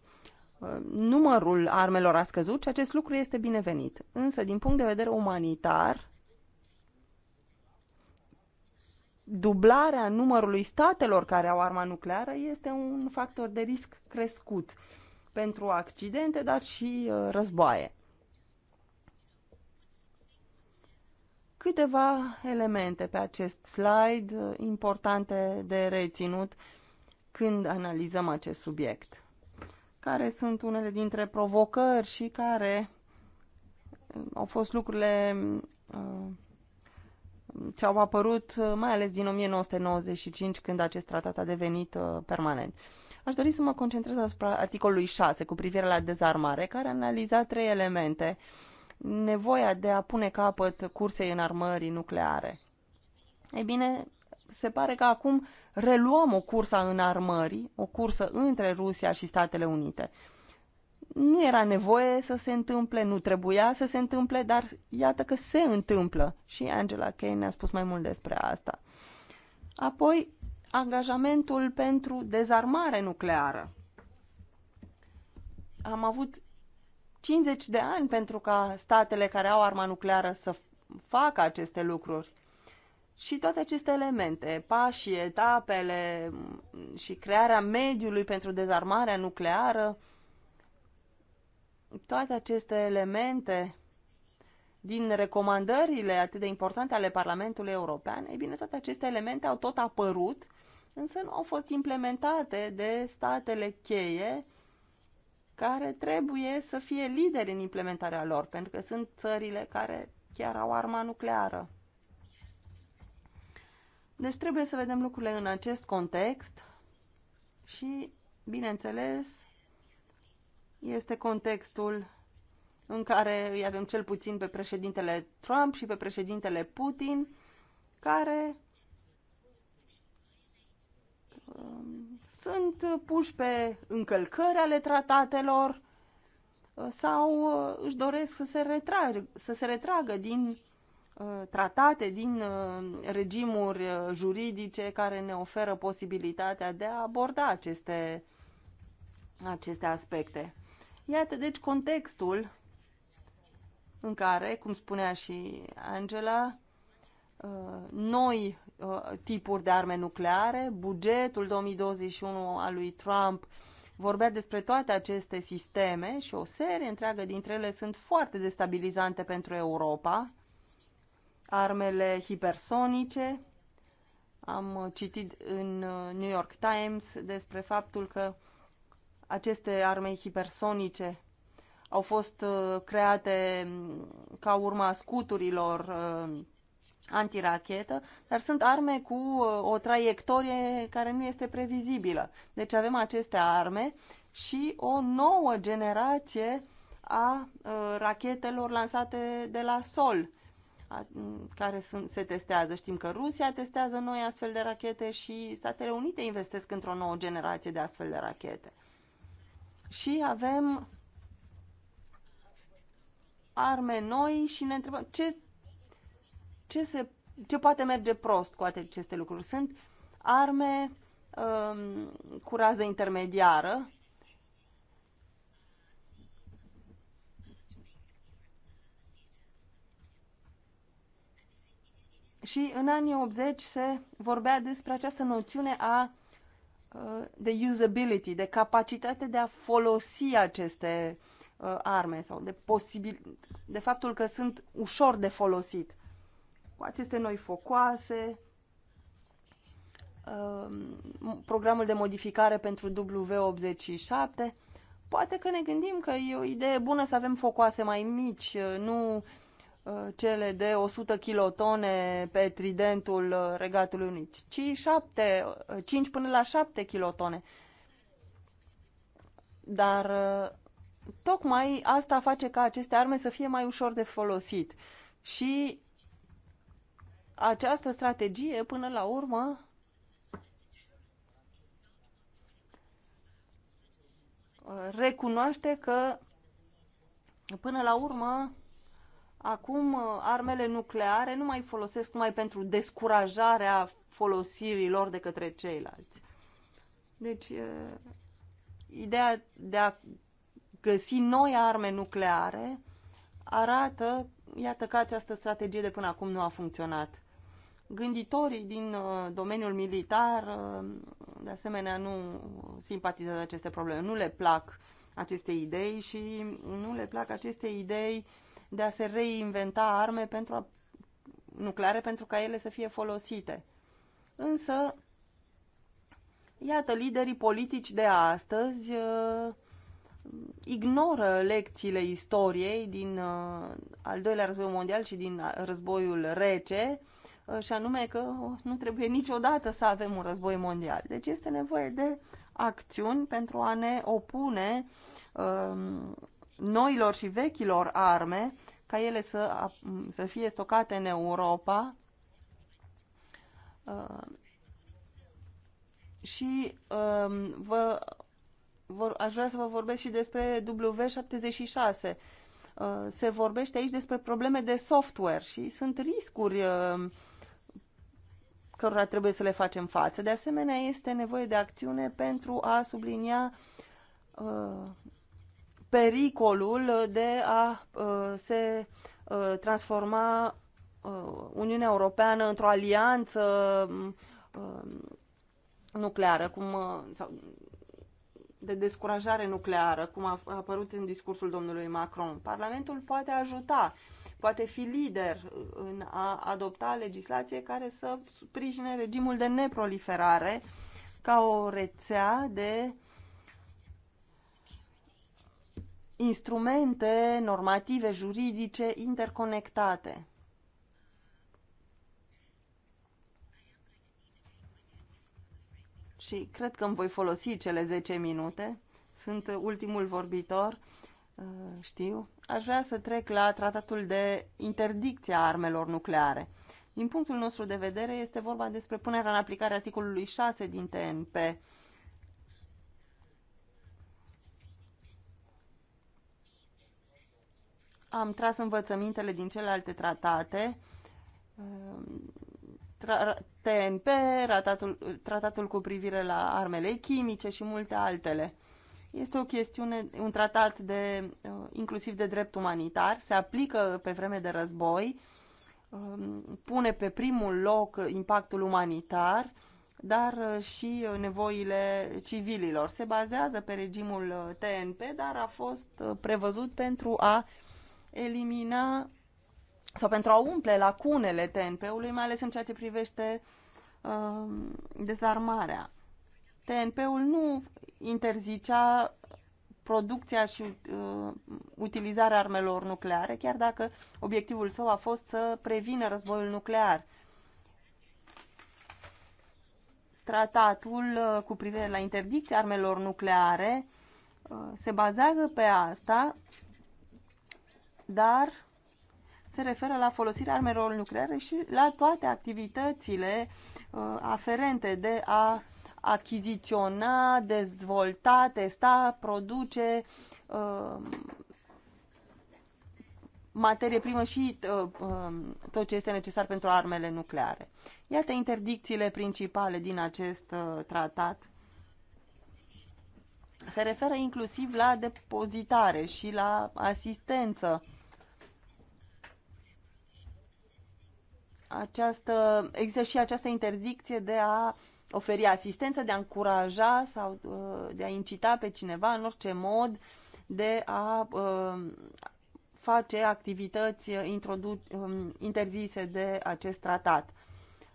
numărul armelor a scăzut și acest lucru este binevenit. Însă, din punct de vedere umanitar, dublarea numărului statelor care au arma nucleară este un factor de risc crescut pentru accidente, dar și uh, războaie. Câteva elemente pe acest slide uh, importante de reținut când analizăm acest subiect care sunt unele dintre provocări și care uh, au fost lucrurile uh, ce au apărut uh, mai ales din 1995 când acest tratat a devenit permanent. Aș dori să mă concentrez asupra articolului 6 cu privire la dezarmare, care analiza trei elemente. Nevoia de a pune capăt cursei armării nucleare. Ei bine, se pare că acum reluăm o cursă în armării, o cursă între Rusia și Statele Unite. Nu era nevoie să se întâmple, nu trebuia să se întâmple, dar iată că se întâmplă. Și Angela Kane ne-a spus mai mult despre asta. Apoi, angajamentul pentru dezarmare nucleară. Am avut 50 de ani pentru ca statele care au arma nucleară să facă aceste lucruri. Și toate aceste elemente, pașii, etapele și crearea mediului pentru dezarmarea nucleară, toate aceste elemente din recomandările atât de importante ale Parlamentului European, ei bine, toate aceste elemente au tot apărut, însă nu au fost implementate de statele cheie care trebuie să fie lideri în implementarea lor, pentru că sunt țările care chiar au arma nucleară. Deci trebuie să vedem lucrurile în acest context și, bineînțeles, este contextul în care îi avem cel puțin pe președintele Trump și pe președintele Putin, care um, sunt puși pe încălcări ale tratatelor uh, sau uh, își doresc să se, retrag, să se retragă din Uh, tratate din uh, regimuri uh, juridice care ne oferă posibilitatea de a aborda aceste, aceste aspecte. Iată, deci, contextul în care, cum spunea și Angela, noi tipuri de arme nucleare, bugetul 2021 al lui Trump vorbea despre toate aceste sisteme și o serie întreagă dintre ele sunt foarte destabilizante pentru Europa, armele hipersonice. Am citit în uh, New York Times despre faptul că aceste arme hipersonice au fost uh, create mm, ca urma scuturilor uh, antirachetă, dar sunt arme cu o traiectorie care nu este previzibilă. Deci avem aceste arme și o nouă generație a rachetelor lansate de la sol care sunt, se testează. Știm că Rusia testează noi astfel de rachete și Statele Unite investesc într-o nouă generație de astfel de rachete. Și avem arme noi și ne întrebăm ce, ce, se, ce poate merge prost cu aceste lucruri. Sunt arme um, cu rază intermediară Și în anii 80 se vorbea despre această noțiune a uh, de usability, de capacitate de a folosi aceste uh, arme sau de posibil, de faptul că sunt ușor de folosit cu aceste noi focoase, uh, programul de modificare pentru W87. Poate că ne gândim că e o idee bună să avem focoase mai mici, uh, nu uh, Uh, cele de 100 kilotone pe tridentul uh, Regatului Unit, ci 7, 5 uh, până la 7 kilotone. Dar tocmai asta face ca aceste arme să fie mai ușor de folosit. Și această strategie, până la urmă, recunoaște că, până la urmă, Acum uh, armele nucleare nu mai folosesc numai pentru descurajarea folosirii lor de către ceilalți. Deci, uh, ideea de a găsi noi arme nucleare arată, iată că această strategie de până acum nu a funcționat. Gânditorii din uh, domeniul militar, de asemenea, nu simpatizează aceste probleme, nu le plac aceste idei și nu le plac aceste idei uh, de a se reinventa arme pentru a, nucleare pentru ca ele să fie folosite. Însă, iată, liderii politici de astăzi uh, ignoră lecțiile istoriei din uh, al doilea război mondial și din uh, războiul rece, uh, și anume că oh, nu trebuie niciodată să avem un război mondial. Deci este nevoie de acțiuni pentru a ne opune um, noilor și vechilor arme, ca ele să, să fie stocate în Europa uh, și um, vă, vor, aș vrea să vă vorbesc și despre W76. Uh, se vorbește aici despre probleme de software și sunt riscuri um, cărora trebuie să le facem față. De asemenea, este nevoie de acțiune pentru a sublinia uh, pericolul uh, de a uh, se uh, transforma Uniunea Europeană într-o alianță um, um, nucleară, cum, sau de descurajare nucleară, cum a apărut în discursul domnului Macron. Parlamentul poate ajuta, poate fi lider în a adopta legislație care să sprijine regimul de neproliferare ca o rețea de instrumente normative juridice interconectate. Și cred că îmi voi folosi cele 10 minute. Sunt ultimul vorbitor, uh, știu. Aș vrea să trec la tratatul de interdicție a armelor nucleare. Din punctul nostru de vedere, este vorba despre punerea în aplicare articolului 6 din TNP, Am tras învățămintele din celelalte tratate, uh, tra TNP, tratatul, tratatul cu privire la armele chimice și multe altele. Este o chestiune, un tratat de, uh, inclusiv de drept umanitar, se aplică pe vreme de război, um, pune pe primul loc impactul umanitar, dar uh, și nevoile civililor. Se bazează pe regimul TNP, dar a fost prevăzut pentru a elimina sau pentru a umple lacunele TNP-ului, mai ales în ceea ce privește uh, dezarmarea. TNP-ul nu interzicea producția și uh, utilizarea armelor nucleare, chiar dacă obiectivul său a fost să prevină războiul nuclear. Tratatul uh, cu privire la interdicția armelor nucleare uh, se bazează pe asta dar se referă la folosirea armelor nucleare și la toate activitățile uh, aferente de a achiziționa, dezvolta, testa, produce uh, materie primă și uh, uh tot ce este necesar pentru armele nucleare. Iată interdicțiile principale din acest uh, tratat. Se referă inclusiv la depozitare și la asistență uh, această, există și această interdicție de a oferi asistență, de a încuraja sau uh, de a incita pe cineva în orice mod de a uh, face activități uh, um, interzise de acest tratat.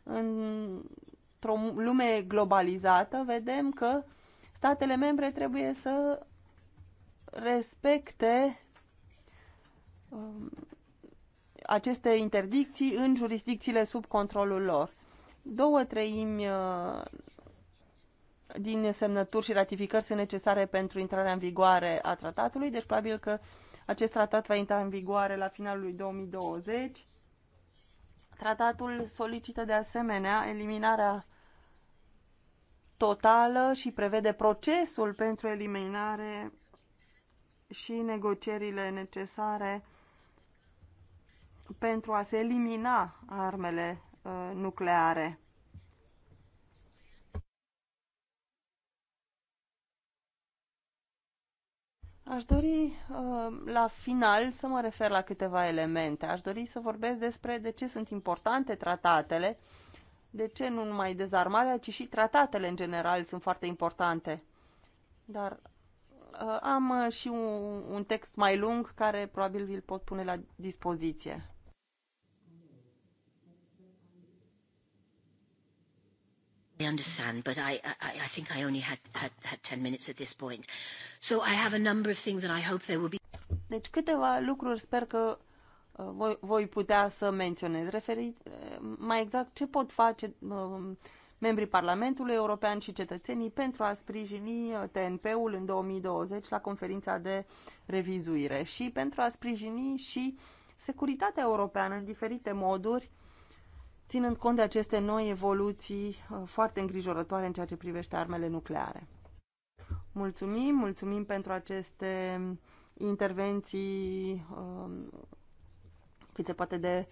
Într-o lume globalizată vedem că statele membre trebuie să respecte um, aceste interdicții în jurisdicțiile sub controlul lor. Două treimi uh, din semnături și ratificări sunt necesare pentru intrarea în vigoare a tratatului, deci probabil că acest tratat va intra în vigoare la finalul lui 2020. Tratatul solicită de asemenea eliminarea totală și prevede procesul pentru eliminare și negocierile necesare pentru a se elimina armele uh, nucleare. Aș dori uh, la final să mă refer la câteva elemente. Aș dori să vorbesc despre de ce sunt importante tratatele, de ce nu numai dezarmarea, ci și tratatele în general sunt foarte importante. Dar uh, am și un, un text mai lung care probabil vi-l pot pune la dispoziție. I understand, but I, I, I think I only had, had, had 10 minutes at this point. So I have a number of things and I hope there will be... Deci câteva lucruri sper că uh, voi, voi putea să menționez. Referit uh, mai exact ce pot face uh, membrii Parlamentului European și cetățenii pentru a sprijini uh, TNP-ul în 2020 la conferința de revizuire și pentru a sprijini și securitatea europeană în diferite moduri ținând cont de aceste noi evoluții uh, foarte îngrijorătoare în ceea ce privește armele nucleare. Mulțumim, mulțumim pentru aceste intervenții um, cât se poate de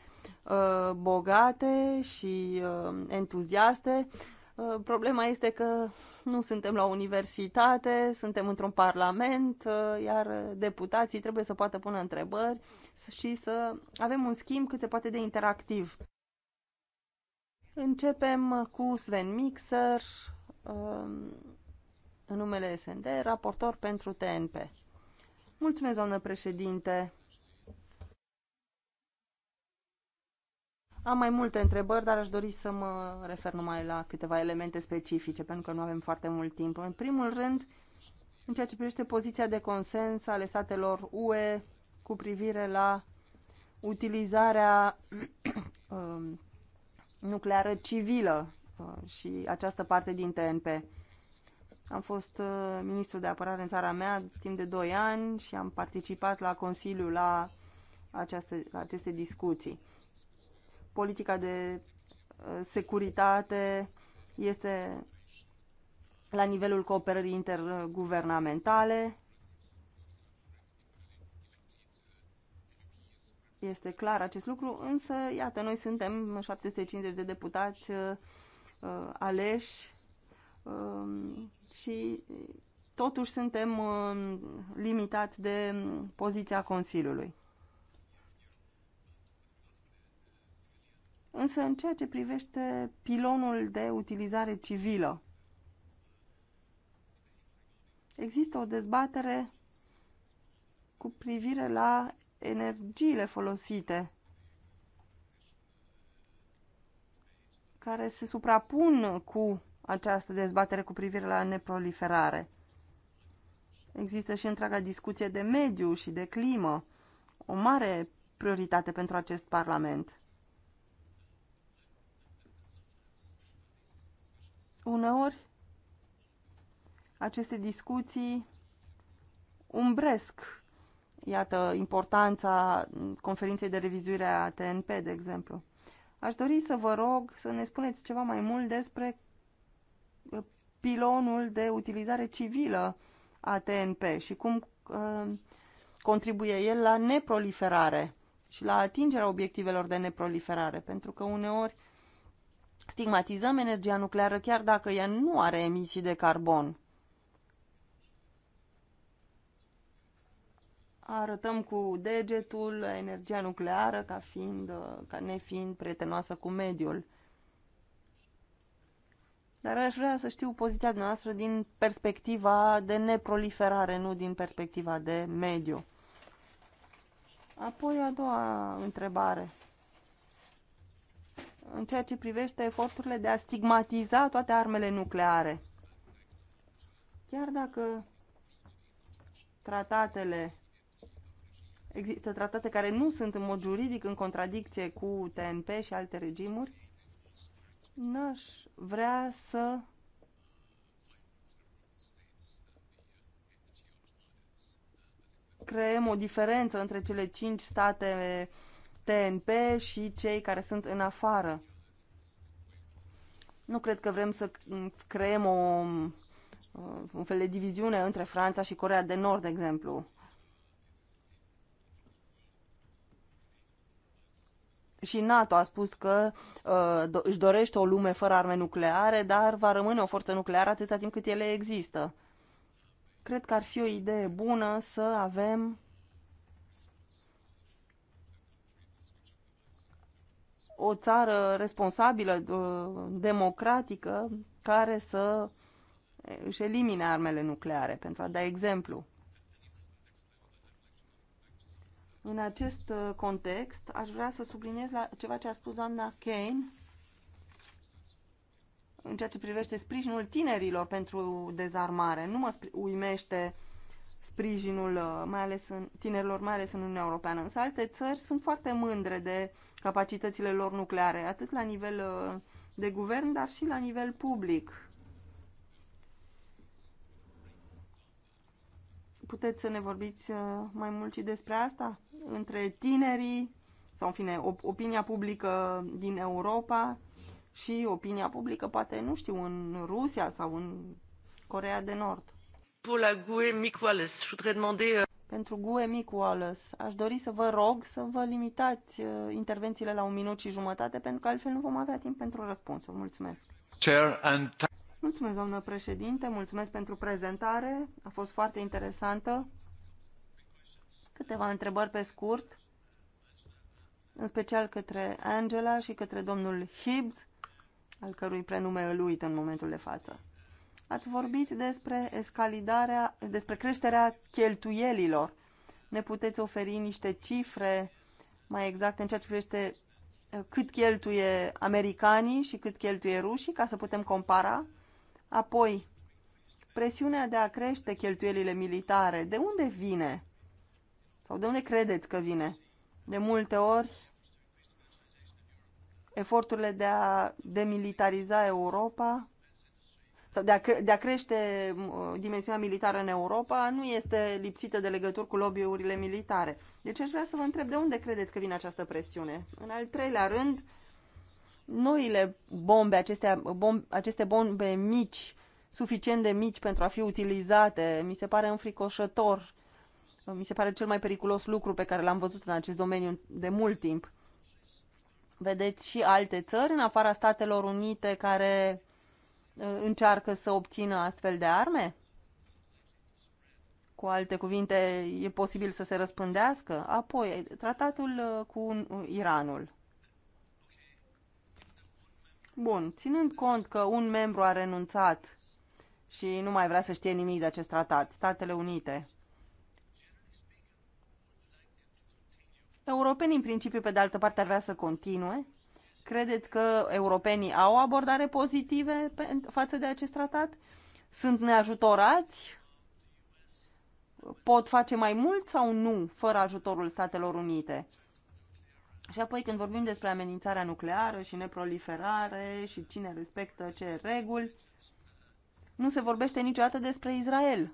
uh, bogate și um, entuziaste. Uh, problema este că nu suntem la universitate, suntem într-un parlament, iar deputații trebuie să poată pune întrebări și să avem un schimb cât se poate de interactiv. Începem cu Sven Mixer, um, în numele SND, raportor pentru TNP. Mulțumesc, doamnă președinte. Am mai multe întrebări, dar aș dori să mă refer numai la câteva elemente specifice, pentru că nu avem foarte mult timp. În primul rând, în ceea ce privește poziția de consens ale statelor UE cu privire la utilizarea *clears throat* um, nucleară civilă uh, și această parte din TNP. Am fost uh, ministru de apărare în țara mea timp de 2 ani și am participat la Consiliu la aceste, la aceste discuții. Politica de uh, securitate este la nivelul cooperării interguvernamentale Este clar acest lucru, însă, iată, noi suntem 750 de deputați uh, uh aleși uh, și totuși suntem uh, limitați de poziția Consiliului. Însă, în ceea ce privește pilonul de utilizare civilă, există o dezbatere cu privire la energiile folosite care se suprapun cu această dezbatere cu privire la neproliferare. Există și întreaga discuție de mediu și de climă, o mare prioritate pentru acest Parlament. Uneori, aceste discuții umbresc Iată importanța conferinței de revizuire a TNP, de exemplu. Aș dori să vă rog să ne spuneți ceva mai mult despre uh, pilonul de utilizare civilă a TNP și cum uh, contribuie el la neproliferare și la atingerea obiectivelor de neproliferare, pentru că uneori stigmatizăm energia nucleară chiar dacă ea nu are emisii de carbon. arătăm cu degetul energia nucleară ca, fiind, ca nefiind prietenoasă cu mediul. Dar aș vrea să știu poziția noastră din perspectiva de neproliferare, nu din perspectiva de mediu. Apoi a doua întrebare. În ceea ce privește eforturile de a stigmatiza toate armele nucleare. Chiar dacă tratatele Există tratate care nu sunt în mod juridic în contradicție cu TNP și alte regimuri. N-aș vrea să creăm o diferență între cele cinci state TNP și cei care sunt în afară. Nu cred că vrem să creăm o, un fel de diviziune între Franța și Corea de Nord, de exemplu. și NATO a spus că uh, își dorește o lume fără arme nucleare, dar va rămâne o forță nucleară atâta timp cât ele există. Cred că ar fi o idee bună să avem o țară responsabilă, uh, democratică, care să își elimine armele nucleare, pentru a da exemplu. În acest uh, context, aș vrea să subliniez la ceva ce a spus doamna Kane în ceea ce privește sprijinul tinerilor pentru dezarmare. Nu mă uimește sprijinul uh, mai ales în, tinerilor, mai ales în Uniunea Europeană. Însă alte țări sunt foarte mândre de capacitățile lor nucleare, atât la nivel uh, de guvern, dar și la nivel public. puteți să ne vorbiți uh, mai mult și despre asta? Între tinerii, sau în fine, opinia publică din Europa și opinia publică, poate, nu știu, în Rusia sau în Corea de Nord. Euh, pentru GUE Mick Wallace, aș dori să vă rog să vă limitați uh, intervențiile la un minut și jumătate, pentru că altfel nu vom avea timp pentru răspunsuri. Mulțumesc! Chair and Mulțumesc, doamnă președinte, mulțumesc pentru prezentare, a fost foarte interesantă. Câteva întrebări pe scurt, în special către Angela și către domnul Hibbs, al cărui prenume îl uit în momentul de față. Ați vorbit despre escalidarea, despre creșterea cheltuielilor. Ne puteți oferi niște cifre mai exacte în ceea ce privește eh, cât cheltuie americanii și cât cheltuie rușii, ca să putem compara? Apoi, presiunea de a crește cheltuielile militare, de unde vine? Sau de unde credeți că vine? De multe ori, eforturile de a demilitariza Europa sau de a, cre- de a crește dimensiunea militară în Europa nu este lipsită de legături cu lobby-urile militare. Deci aș vrea să vă întreb de unde credeți că vine această presiune. În al treilea rând, noile bombe, acestea, bom, aceste bombe mici, suficient de mici pentru a fi utilizate, mi se pare înfricoșător. Mi se pare cel mai periculos lucru pe care l-am văzut în acest domeniu de mult timp. Vedeți și alte țări, în afara Statelor Unite, care uh, încearcă să obțină astfel de arme? Cu alte cuvinte, e posibil să se răspândească? Apoi, tratatul uh, cu Iranul. Bun, ținând cont că un membru a renunțat și nu mai vrea să știe nimic de acest tratat, Statele Unite, europenii în principiu, pe de altă parte, ar vrea să continue? Credeți că europenii au abordare pozitive față de acest tratat? Sunt neajutorați? Pot face mai mult sau nu fără ajutorul Statelor Unite? Și apoi când vorbim despre amenințarea nucleară și neproliferare și cine respectă ce reguli, nu se vorbește niciodată despre Israel.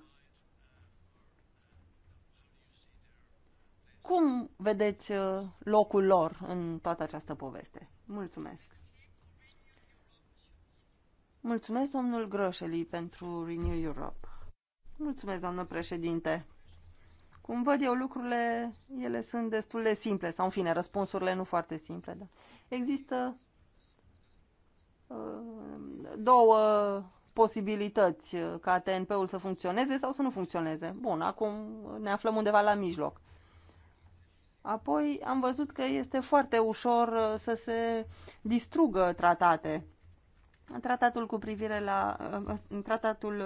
Cum vedeți uh, locul lor în toată această poveste? Mulțumesc! Mulțumesc, domnul Groșeli, pentru Renew Europe. Mulțumesc, doamnă președinte! Cum văd eu lucrurile, ele sunt destul de simple, sau în fine, răspunsurile nu foarte simple. Da. Există uh, două posibilități uh, ca TNP-ul să funcționeze sau să nu funcționeze. Bun, acum ne aflăm undeva la mijloc. Apoi am văzut că este foarte ușor uh, să se distrugă tratate. Tratatul cu privire la... Uh, tratatul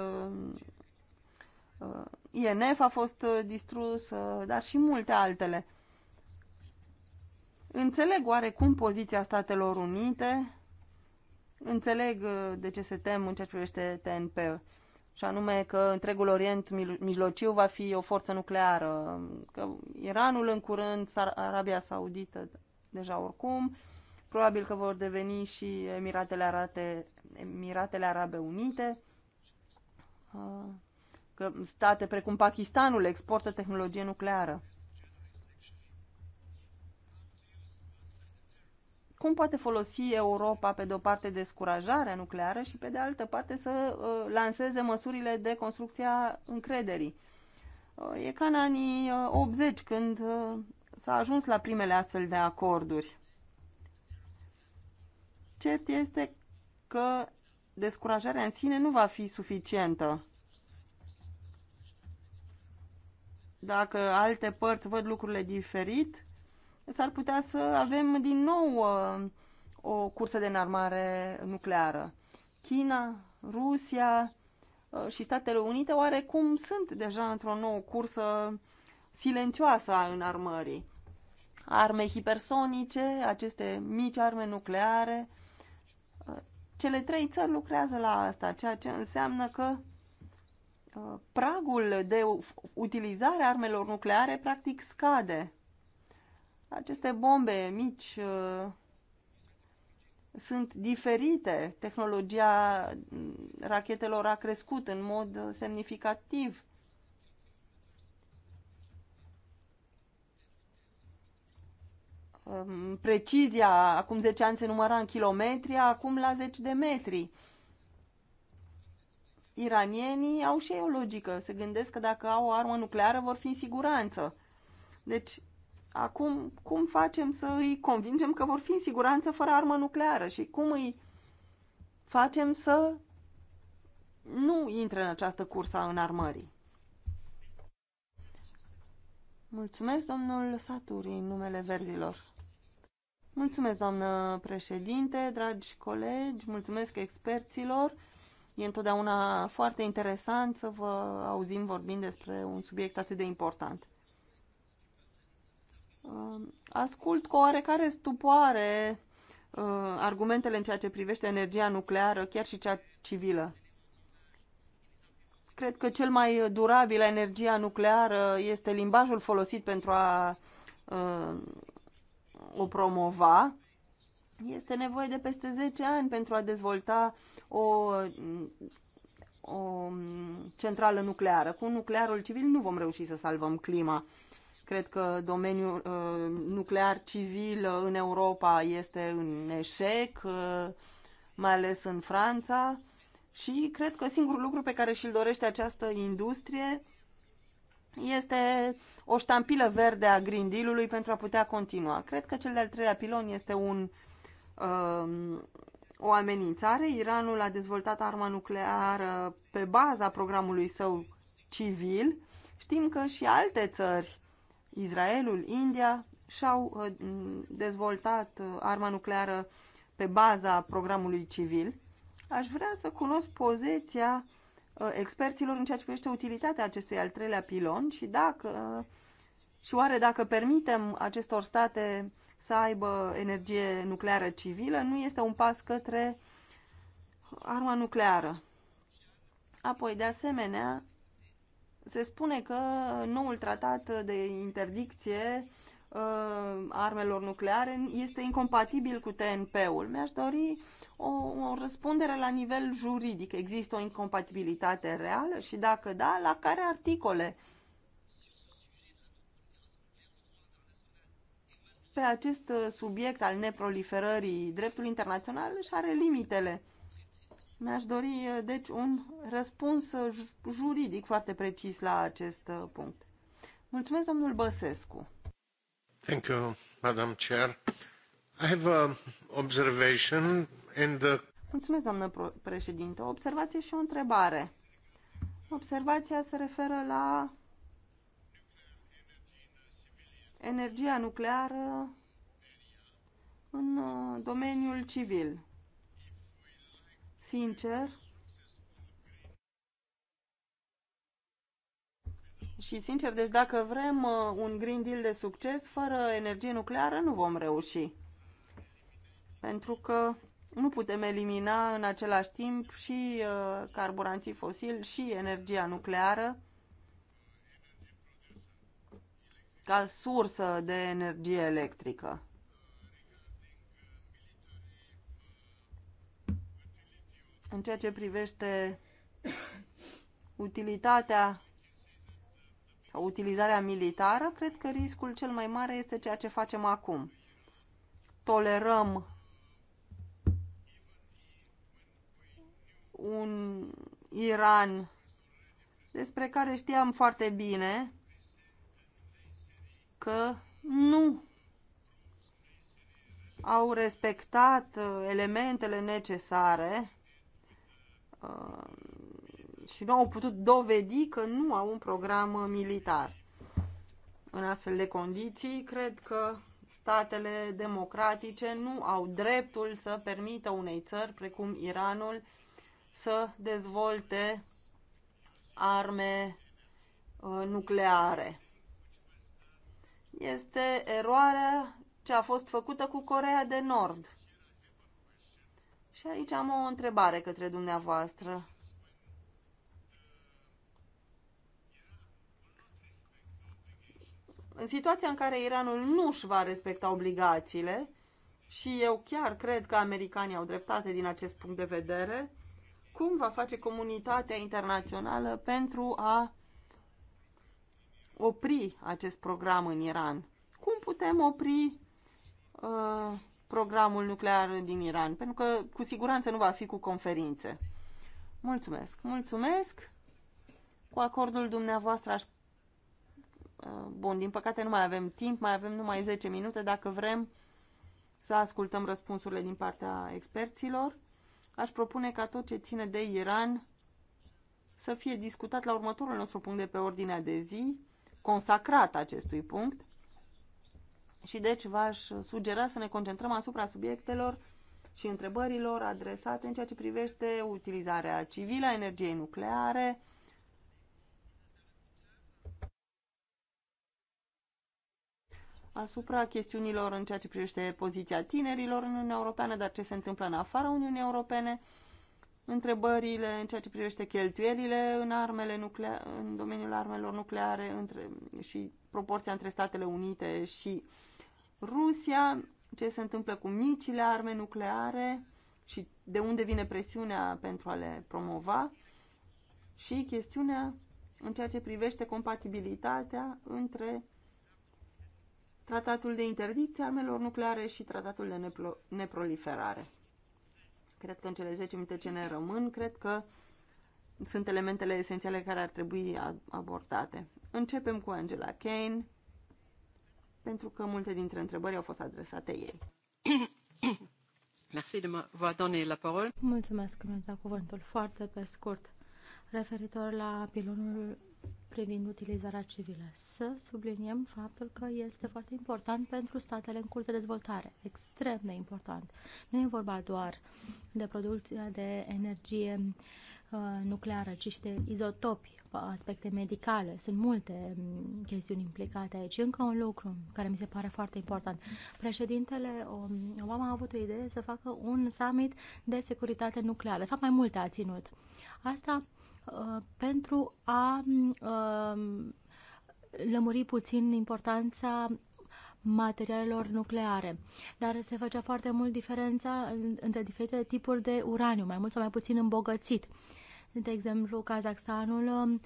INF a fost uh, distrus, uh, dar și multe altele. Înțeleg oarecum poziția Statelor Unite, înțeleg uh, de ce se tem în ceea ce privește TNP, și anume că întregul Orient Mijlociu va fi o forță nucleară, că Iranul în curând, Arabia Saudită deja oricum, probabil că vor deveni și Emiratele, Arate, Emiratele Arabe Unite că state precum Pakistanul exportă tehnologie nucleară. Cum poate folosi Europa, pe de o parte, descurajarea nucleară și, pe de altă parte, să uh, lanseze măsurile de construcție a încrederii? Uh, e ca în anii uh, 80, când uh, s-a ajuns la primele astfel de acorduri. Cert este că descurajarea în sine nu va fi suficientă. dacă alte părți văd lucrurile diferit, s-ar putea să avem din nou uh, o cursă de înarmare nucleară. China, Rusia uh, și Statele Unite oarecum sunt deja într-o nouă cursă silențioasă a înarmării. Arme hipersonice, aceste mici arme nucleare, uh, cele trei țări lucrează la asta, ceea ce înseamnă că Uh, pragul de utilizare a armelor nucleare practic scade. Aceste bombe mici uh, sunt diferite. Tehnologia mm, rachetelor a crescut în mod uh, semnificativ. Um, precizia acum 10 ani se număra în kilometri, acum la 10 de metri iranienii au și ei o logică. Se gândesc că dacă au o armă nucleară vor fi în siguranță. Deci, acum, cum facem să îi convingem că vor fi în siguranță fără armă nucleară și cum îi facem să nu intre în această cursă în armării? Mulțumesc, domnul Saturi, în numele verzilor. Mulțumesc, doamnă președinte, dragi colegi, mulțumesc experților E întotdeauna foarte interesant să vă auzim vorbind despre un subiect atât de important. Ascult cu oarecare stupoare uh, argumentele în ceea ce privește energia nucleară, chiar și cea civilă. Cred că cel mai durabil la energia nucleară este limbajul folosit pentru a uh, o promova este nevoie de peste 10 ani pentru a dezvolta o, o centrală nucleară. Cu nuclearul civil nu vom reuși să salvăm clima. Cred că domeniul uh, nuclear civil în Europa este în eșec, uh, mai ales în Franța. Și cred că singurul lucru pe care și-l dorește această industrie este o ștampilă verde a Green Deal-ului pentru a putea continua. Cred că cel de-al treilea pilon este un uh, uh, o amenințare. Iranul a dezvoltat arma nucleară pe baza programului său civil. Știm că și alte țări, Israelul, India, și-au uh, dezvoltat uh, arma nucleară pe baza programului civil. Aș vrea să cunosc poziția uh, experților în ceea ce privește utilitatea acestui al treilea pilon și dacă și oare dacă permitem acestor state să aibă energie nucleară civilă, nu este un pas către arma nucleară. Apoi, de asemenea, se spune că noul tratat de interdicție uh, armelor nucleare este incompatibil cu TNP-ul. Mi-aș dori o, o răspundere la nivel juridic. Există o incompatibilitate reală și dacă da, la care articole? Uh, pe acest uh, subiect al neproliferării, dreptul internațional și are limitele. Mi-aș dori, uh, deci, un răspuns uh, juridic foarte precis la acest punct. Mulțumesc, domnul Băsescu. Thank you, Madam Chair. I have a observation and a... Mulțumesc, doamnă președinte. O observație și o întrebare. Observația se referă la energia nucleară în uh, domeniul civil. Sincer, Și sincer, deci dacă vrem uh, un Green Deal de succes, fără energie nucleară nu vom reuși. Pentru că nu putem elimina în același timp și uh, carburanții fosili și energia nucleară ca sursă de energie electrică. În ceea ce privește utilitatea sau utilizarea militară, cred că riscul cel mai mare este ceea ce facem acum. Tolerăm un Iran despre care știam foarte bine că nu au respectat uh, elementele necesare uh, și nu au putut dovedi că nu au un program uh, militar. În astfel de condiții, cred că statele democratice nu au dreptul să permită unei țări precum Iranul să dezvolte arme nucleare este eroarea ce a fost făcută cu Corea de Nord. Și aici am o întrebare către dumneavoastră. În situația în care Iranul nu își va respecta obligațiile, și eu chiar cred că americanii au dreptate din acest punct de vedere, cum va face comunitatea internațională pentru a opri acest program în Iran? Cum putem opri uh, programul nuclear din Iran? Pentru că cu siguranță nu va fi cu conferințe. Mulțumesc! Mulțumesc! Cu acordul dumneavoastră aș... Uh, bun, din păcate nu mai avem timp, mai avem numai 10 minute dacă vrem să ascultăm răspunsurile din partea experților. Aș propune ca tot ce ține de Iran să fie discutat la următorul nostru punct de pe ordinea de zi, consacrat acestui punct și deci v-aș sugera să ne concentrăm asupra subiectelor și întrebărilor adresate în ceea ce privește utilizarea civilă a energiei nucleare, asupra chestiunilor în ceea ce privește poziția tinerilor în Uniunea Europeană, dar ce se întâmplă în afara Uniunii Europene întrebările în ceea ce privește cheltuielile în, armele nuclea- în domeniul armelor nucleare între, și proporția între Statele Unite și Rusia, ce se întâmplă cu micile arme nucleare și de unde vine presiunea pentru a le promova și chestiunea în ceea ce privește compatibilitatea între tratatul de interdicție armelor nucleare și tratatul de neproliferare. Cred că în cele 10 minute ce ne rămân, cred că sunt elementele esențiale care ar trebui abordate. Începem cu Angela Kane, pentru că multe dintre întrebări au fost adresate ei. *coughs* Merci de m'avoir donné la parole. Mulțumesc că mi-ați dat cuvântul foarte pe scurt referitor la pilonul privind utilizarea civilă. Să subliniem faptul că este foarte important pentru statele în curs de dezvoltare, extrem de important. Nu e vorba doar de producția de energie uh, nucleară, ci și de izotopi, uh, aspecte medicale. Sunt multe um, chestiuni implicate aici. Încă un lucru care mi se pare foarte important. Președintele um, Obama a avut o idee să facă un summit de securitate nucleară. De fapt, mai multe a ținut. Asta Uh, pentru a um, lămuri puțin importanța materialelor nucleare. Dar se făcea foarte mult diferența între diferite tipuri de uraniu, mai mult sau mai puțin îmbogățit. De exemplu, Kazakhstanul um,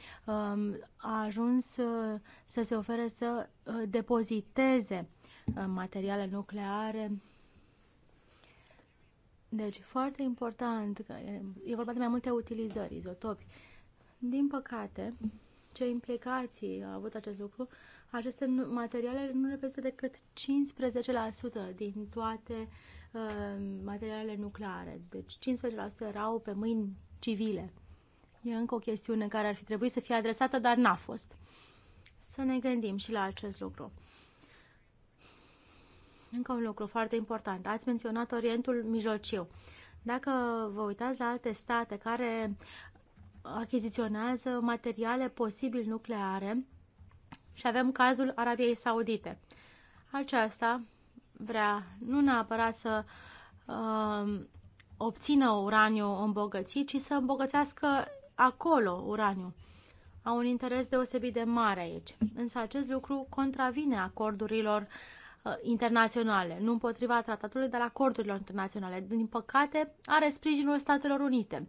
a ajuns uh, să se ofere să uh, depoziteze materiale nucleare deci, foarte important, e vorba de mai multe utilizări, izotopi. Din păcate, ce implicații a avut acest lucru, aceste materiale nu reprezintă decât 15% din toate uh, materialele nucleare. Deci 15% erau pe mâini civile. E încă o chestiune care ar fi trebuit să fie adresată, dar n-a fost. Să ne gândim și la acest lucru. Încă un lucru foarte important. Ați menționat Orientul Mijlociu. Dacă vă uitați la alte state care achiziționează materiale posibil nucleare și avem cazul Arabiei Saudite. Aceasta vrea nu neapărat să uh, obțină uraniu îmbogățit, ci să îmbogățească acolo uraniu. Au un interes deosebit de mare aici. Însă acest lucru contravine acordurilor uh, Uh, internaționale, nu împotriva tratatului, dar acordurilor internaționale. Din păcate, are sprijinul Statelor Unite.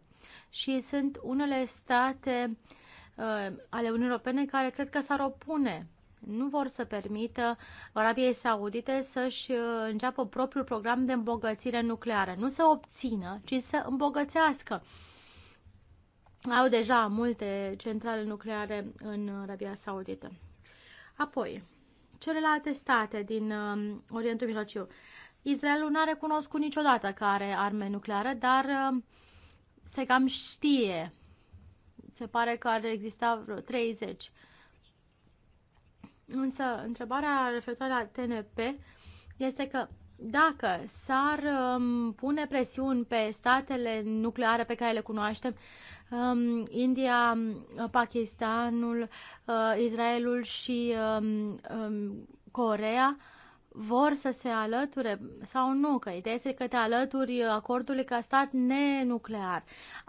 Și sunt unele state uh, ale Uniunii Europene care cred că s-ar opune nu vor să permită Arabiei Saudite să-și uh, înceapă propriul program de îmbogățire nucleară. Nu să obțină, ci să îmbogățească. Au deja multe centrale nucleare în Arabia Saudită. Apoi, celelalte state din um, Orientul Mijlociu. Israelul n-a recunoscut niciodată că are arme nucleare, dar um, se cam știe. Se pare că ar exista vreo 30. Însă, întrebarea referitoare la TNP este că dacă s-ar um, pune presiuni pe statele nucleare pe care le cunoaștem, um, India, Pakistanul, uh, Israelul și um, um, Corea, vor să se alăture sau nu, că ideea este că te alături acordului ca stat nenuclear.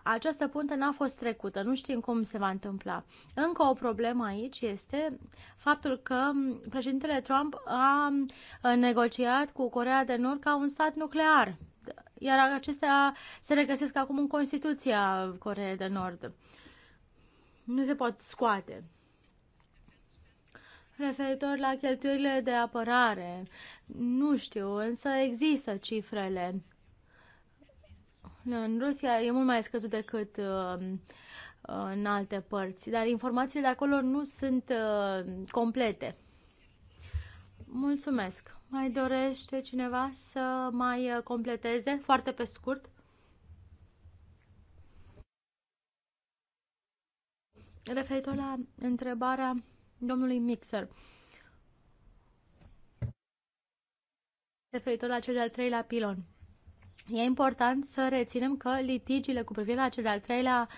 Această punte n-a fost trecută, nu știm cum se va întâmpla. Încă o problemă aici este faptul că președintele Trump a negociat cu Corea de Nord ca un stat nuclear, iar acestea se regăsesc acum în Constituția Coreei de Nord. Nu se pot scoate referitor la cheltuielile de apărare. Nu știu, însă există cifrele. În Rusia e mult mai scăzut decât uh, în alte părți, dar informațiile de acolo nu sunt uh, complete. Mulțumesc. Mai dorește cineva să mai uh, completeze foarte pe scurt? Referitor la întrebarea domnului Mixer. Referitor la cel de-al treilea pilon. E important să reținem că litigiile cu privire la cel de-al treilea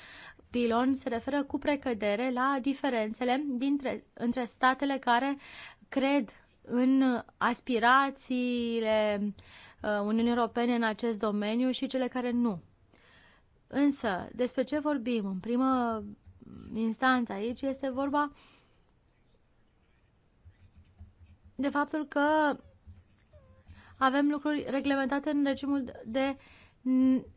pilon se referă cu precădere la diferențele dintre, între statele care cred în aspirațiile uh, Uniunii Europene în acest domeniu și cele care nu. Însă, despre ce vorbim în primă instanță aici este vorba uh, de faptul că avem lucruri reglementate în regimul de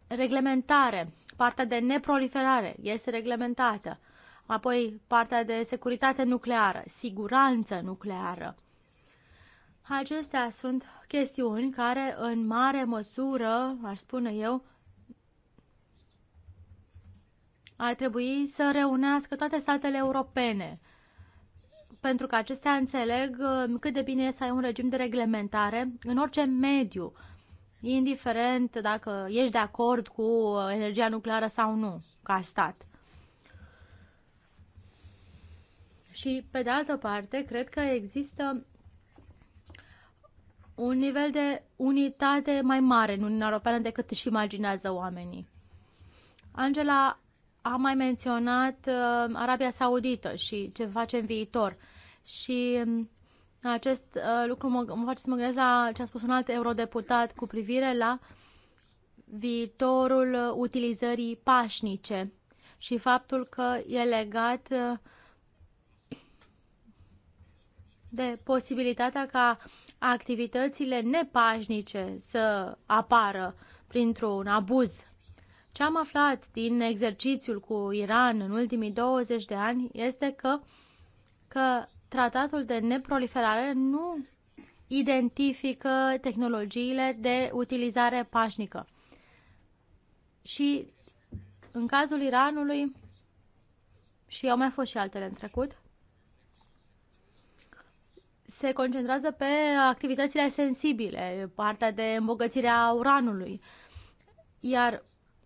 reglementare. Partea de neproliferare este reglementată. Apoi partea de securitate nucleară, siguranță nucleară. Acestea sunt chestiuni care, în mare măsură, aș spune eu, ar trebui să reunească toate statele europene pentru că acestea înțeleg uh, cât de bine e să ai un regim de reglementare în orice mediu, indiferent dacă ești de acord cu uh, energia nucleară sau nu, ca stat. Și, pe de altă parte, cred că există un nivel de unitate mai mare în Uniunea Europeană decât își imaginează oamenii. Angela a mai menționat uh, Arabia Saudită și ce face în viitor. Și um, acest uh, lucru mă, mă face să mă gândesc la ce a spus un alt eurodeputat cu privire la viitorul utilizării pașnice și faptul că e legat uh, de posibilitatea ca activitățile nepașnice să apară printr-un abuz ce am aflat din exercițiul cu Iran în ultimii 20 de ani este că, că tratatul de neproliferare nu identifică tehnologiile de utilizare pașnică. Și în cazul Iranului, și au mai fost și altele în trecut, se concentrează pe activitățile sensibile, partea de îmbogățire a uranului. Iar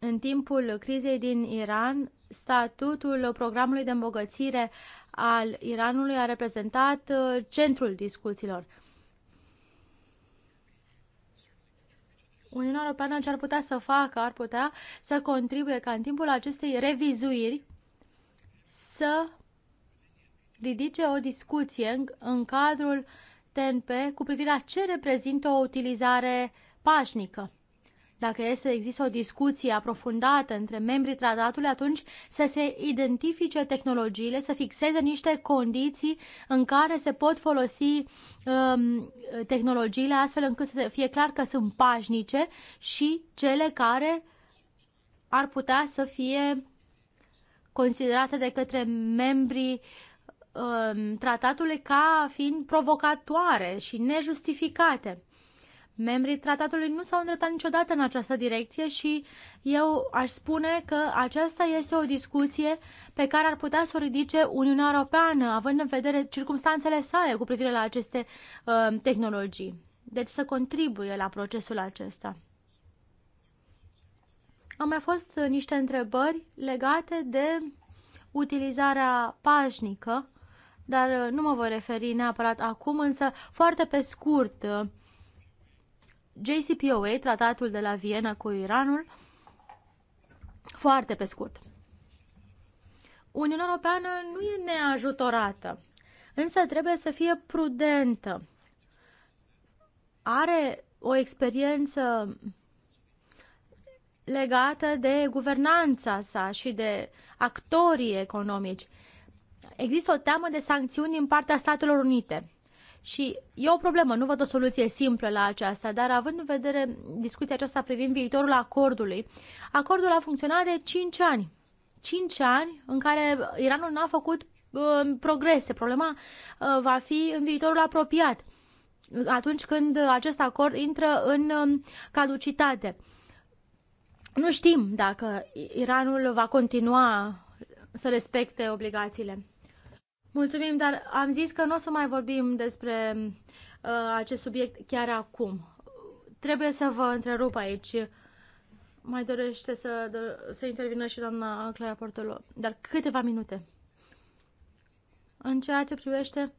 în timpul crizei din Iran, statutul programului de îmbogățire al Iranului a reprezentat uh, centrul discuțiilor. Uniunea Europeană ce ar putea să facă, ar putea să contribuie ca în timpul acestei revizuiri să ridice o discuție în, în cadrul TNP cu privire la ce reprezintă o utilizare pașnică. Dacă este există o discuție aprofundată între membrii tratatului, atunci să se identifice tehnologiile, să fixeze niște condiții în care se pot folosi um, tehnologiile astfel încât să fie clar că sunt pașnice și cele care ar putea să fie considerate de către membrii um, tratatului ca fiind provocatoare și nejustificate. Membrii tratatului nu s-au îndreptat niciodată în această direcție și eu aș spune că aceasta este o discuție pe care ar putea să o ridice Uniunea Europeană, având în vedere circumstanțele sale cu privire la aceste uh, tehnologii. Deci să contribuie la procesul acesta. Au mai fost uh, niște întrebări legate de utilizarea pașnică, dar uh, nu mă voi referi neapărat acum, însă foarte pe scurt uh, JCPOA, tratatul de la Viena cu Iranul, foarte pe scurt. Uniunea Europeană nu e neajutorată, însă trebuie să fie prudentă. Are o experiență legată de guvernanța sa și de actorii economici. Există o teamă de sancțiuni din partea Statelor Unite. Și e o problemă, nu văd o soluție simplă la aceasta, dar având în vedere discuția aceasta privind viitorul acordului, acordul a funcționat de 5 ani. 5 ani în care Iranul n-a făcut uh, progrese. Problema uh, va fi în viitorul apropiat, atunci când acest acord intră în uh, caducitate. Nu știm dacă Iranul va continua să respecte obligațiile. Mulțumim, dar am zis că nu o să mai vorbim despre uh, acest subiect chiar acum. Trebuie să vă întrerup aici. Mai dorește să, să intervină și doamna Clara Portolo, dar câteva minute. În ceea ce privește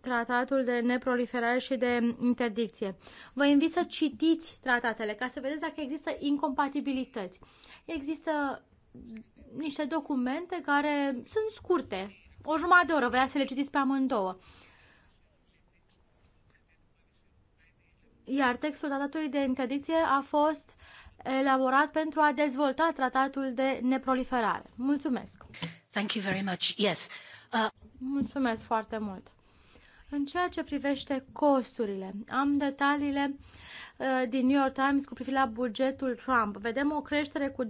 tratatul de neproliferare și de interdicție. Vă invit să citiți tratatele ca să vedeți dacă există incompatibilități. Există niște documente care sunt scurte. O jumătate de oră, vrea să le citiți pe amândouă. Iar textul tratatului de interdicție a fost elaborat pentru a dezvolta tratatul de neproliferare. Mulțumesc! Thank you very much. Yes. Uh... Mulțumesc foarte mult! În ceea ce privește costurile, am detaliile Uh, din New York Times cu privire la bugetul Trump. Vedem o creștere cu 23%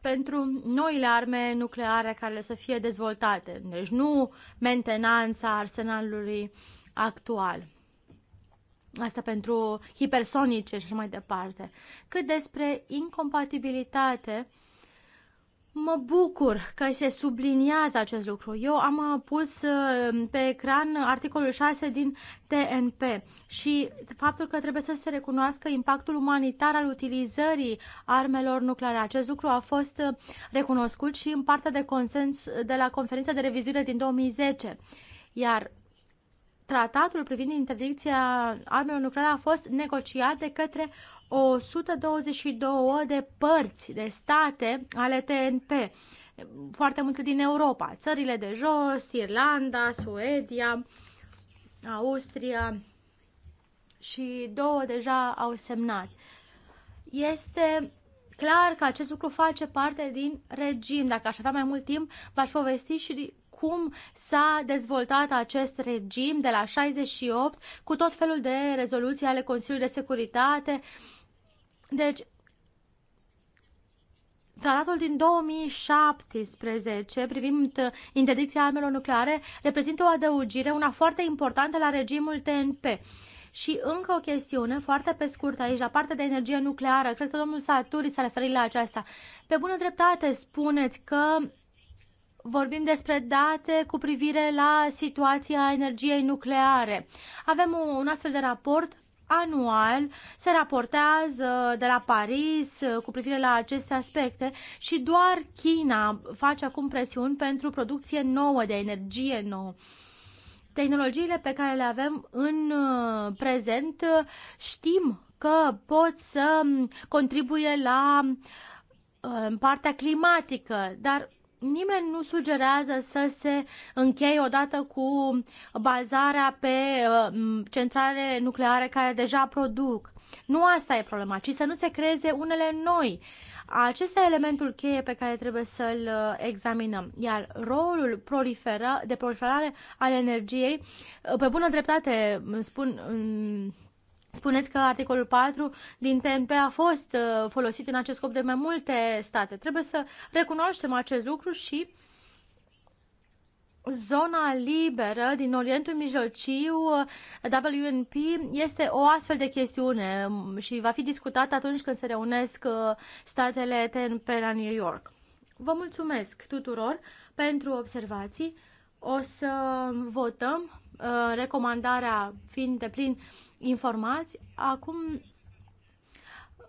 pentru noile arme nucleare care să fie dezvoltate. Deci nu mentenanța arsenalului actual. Asta pentru hipersonice și mai departe. Cât despre incompatibilitate, uh, Mă bucur că se subliniază acest lucru. Eu am uh, pus uh, pe ecran articolul 6 din TNP și faptul că trebuie să se recunoască impactul umanitar al utilizării armelor nucleare. Acest lucru a fost uh, recunoscut și în partea de consens de la conferința de revizuire din 2010. Iar tratatul privind interdicția armelor nucleare a fost negociat de către 122 de părți, de state ale TNP, foarte multe din Europa, țările de jos, Irlanda, Suedia, Austria și două deja au semnat. Este clar că acest lucru face parte din regim. Dacă aș avea mai mult timp, v-aș povesti și cum s-a dezvoltat acest regim de la 68 cu tot felul de rezoluții ale Consiliului de Securitate. Deci, Tratatul din 2017 privind interdicția armelor nucleare reprezintă o adăugire, una foarte importantă la regimul TNP. Și încă o chestiune, foarte pe scurt aici, la partea de energie nucleară, cred că domnul Saturi s-a referit la aceasta. Pe bună dreptate spuneți că vorbim despre date cu privire la situația energiei nucleare. Avem un astfel de raport anual se raportează de la Paris cu privire la aceste aspecte și doar China face acum presiuni pentru producție nouă de energie nouă. Tehnologiile pe care le avem în uh, prezent uh, știm că pot să um, contribuie la uh, partea climatică, dar nimeni nu sugerează să se încheie odată cu bazarea pe uh, centrale nucleare care deja produc. Nu asta e problema, ci să nu se creeze unele noi. Acesta e elementul cheie pe care trebuie să-l uh, examinăm. Iar rolul proliferă, de proliferare al energiei, uh, pe bună dreptate spun Spuneți că articolul 4 din TNP a fost uh, folosit în acest scop de mai multe state. Trebuie să recunoaștem acest lucru și zona liberă din Orientul Mijlociu, uh, WNP, este o astfel de chestiune um, și va fi discutată atunci când se reunesc uh, statele TNP la New York. Vă mulțumesc tuturor pentru observații. O să votăm recomandarea fiind de plin informați. Acum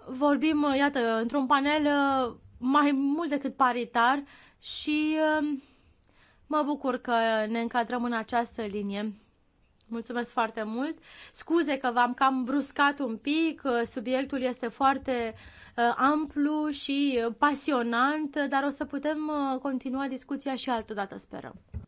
vorbim, uh, iată, într-un panel uh, mai mult decât paritar și uh, mă bucur că ne încadrăm în această linie. Mulțumesc foarte mult. Scuze că v-am cam bruscat un pic, subiectul este foarte amplu și pasionant, dar o să putem continua discuția și altă dată, sperăm.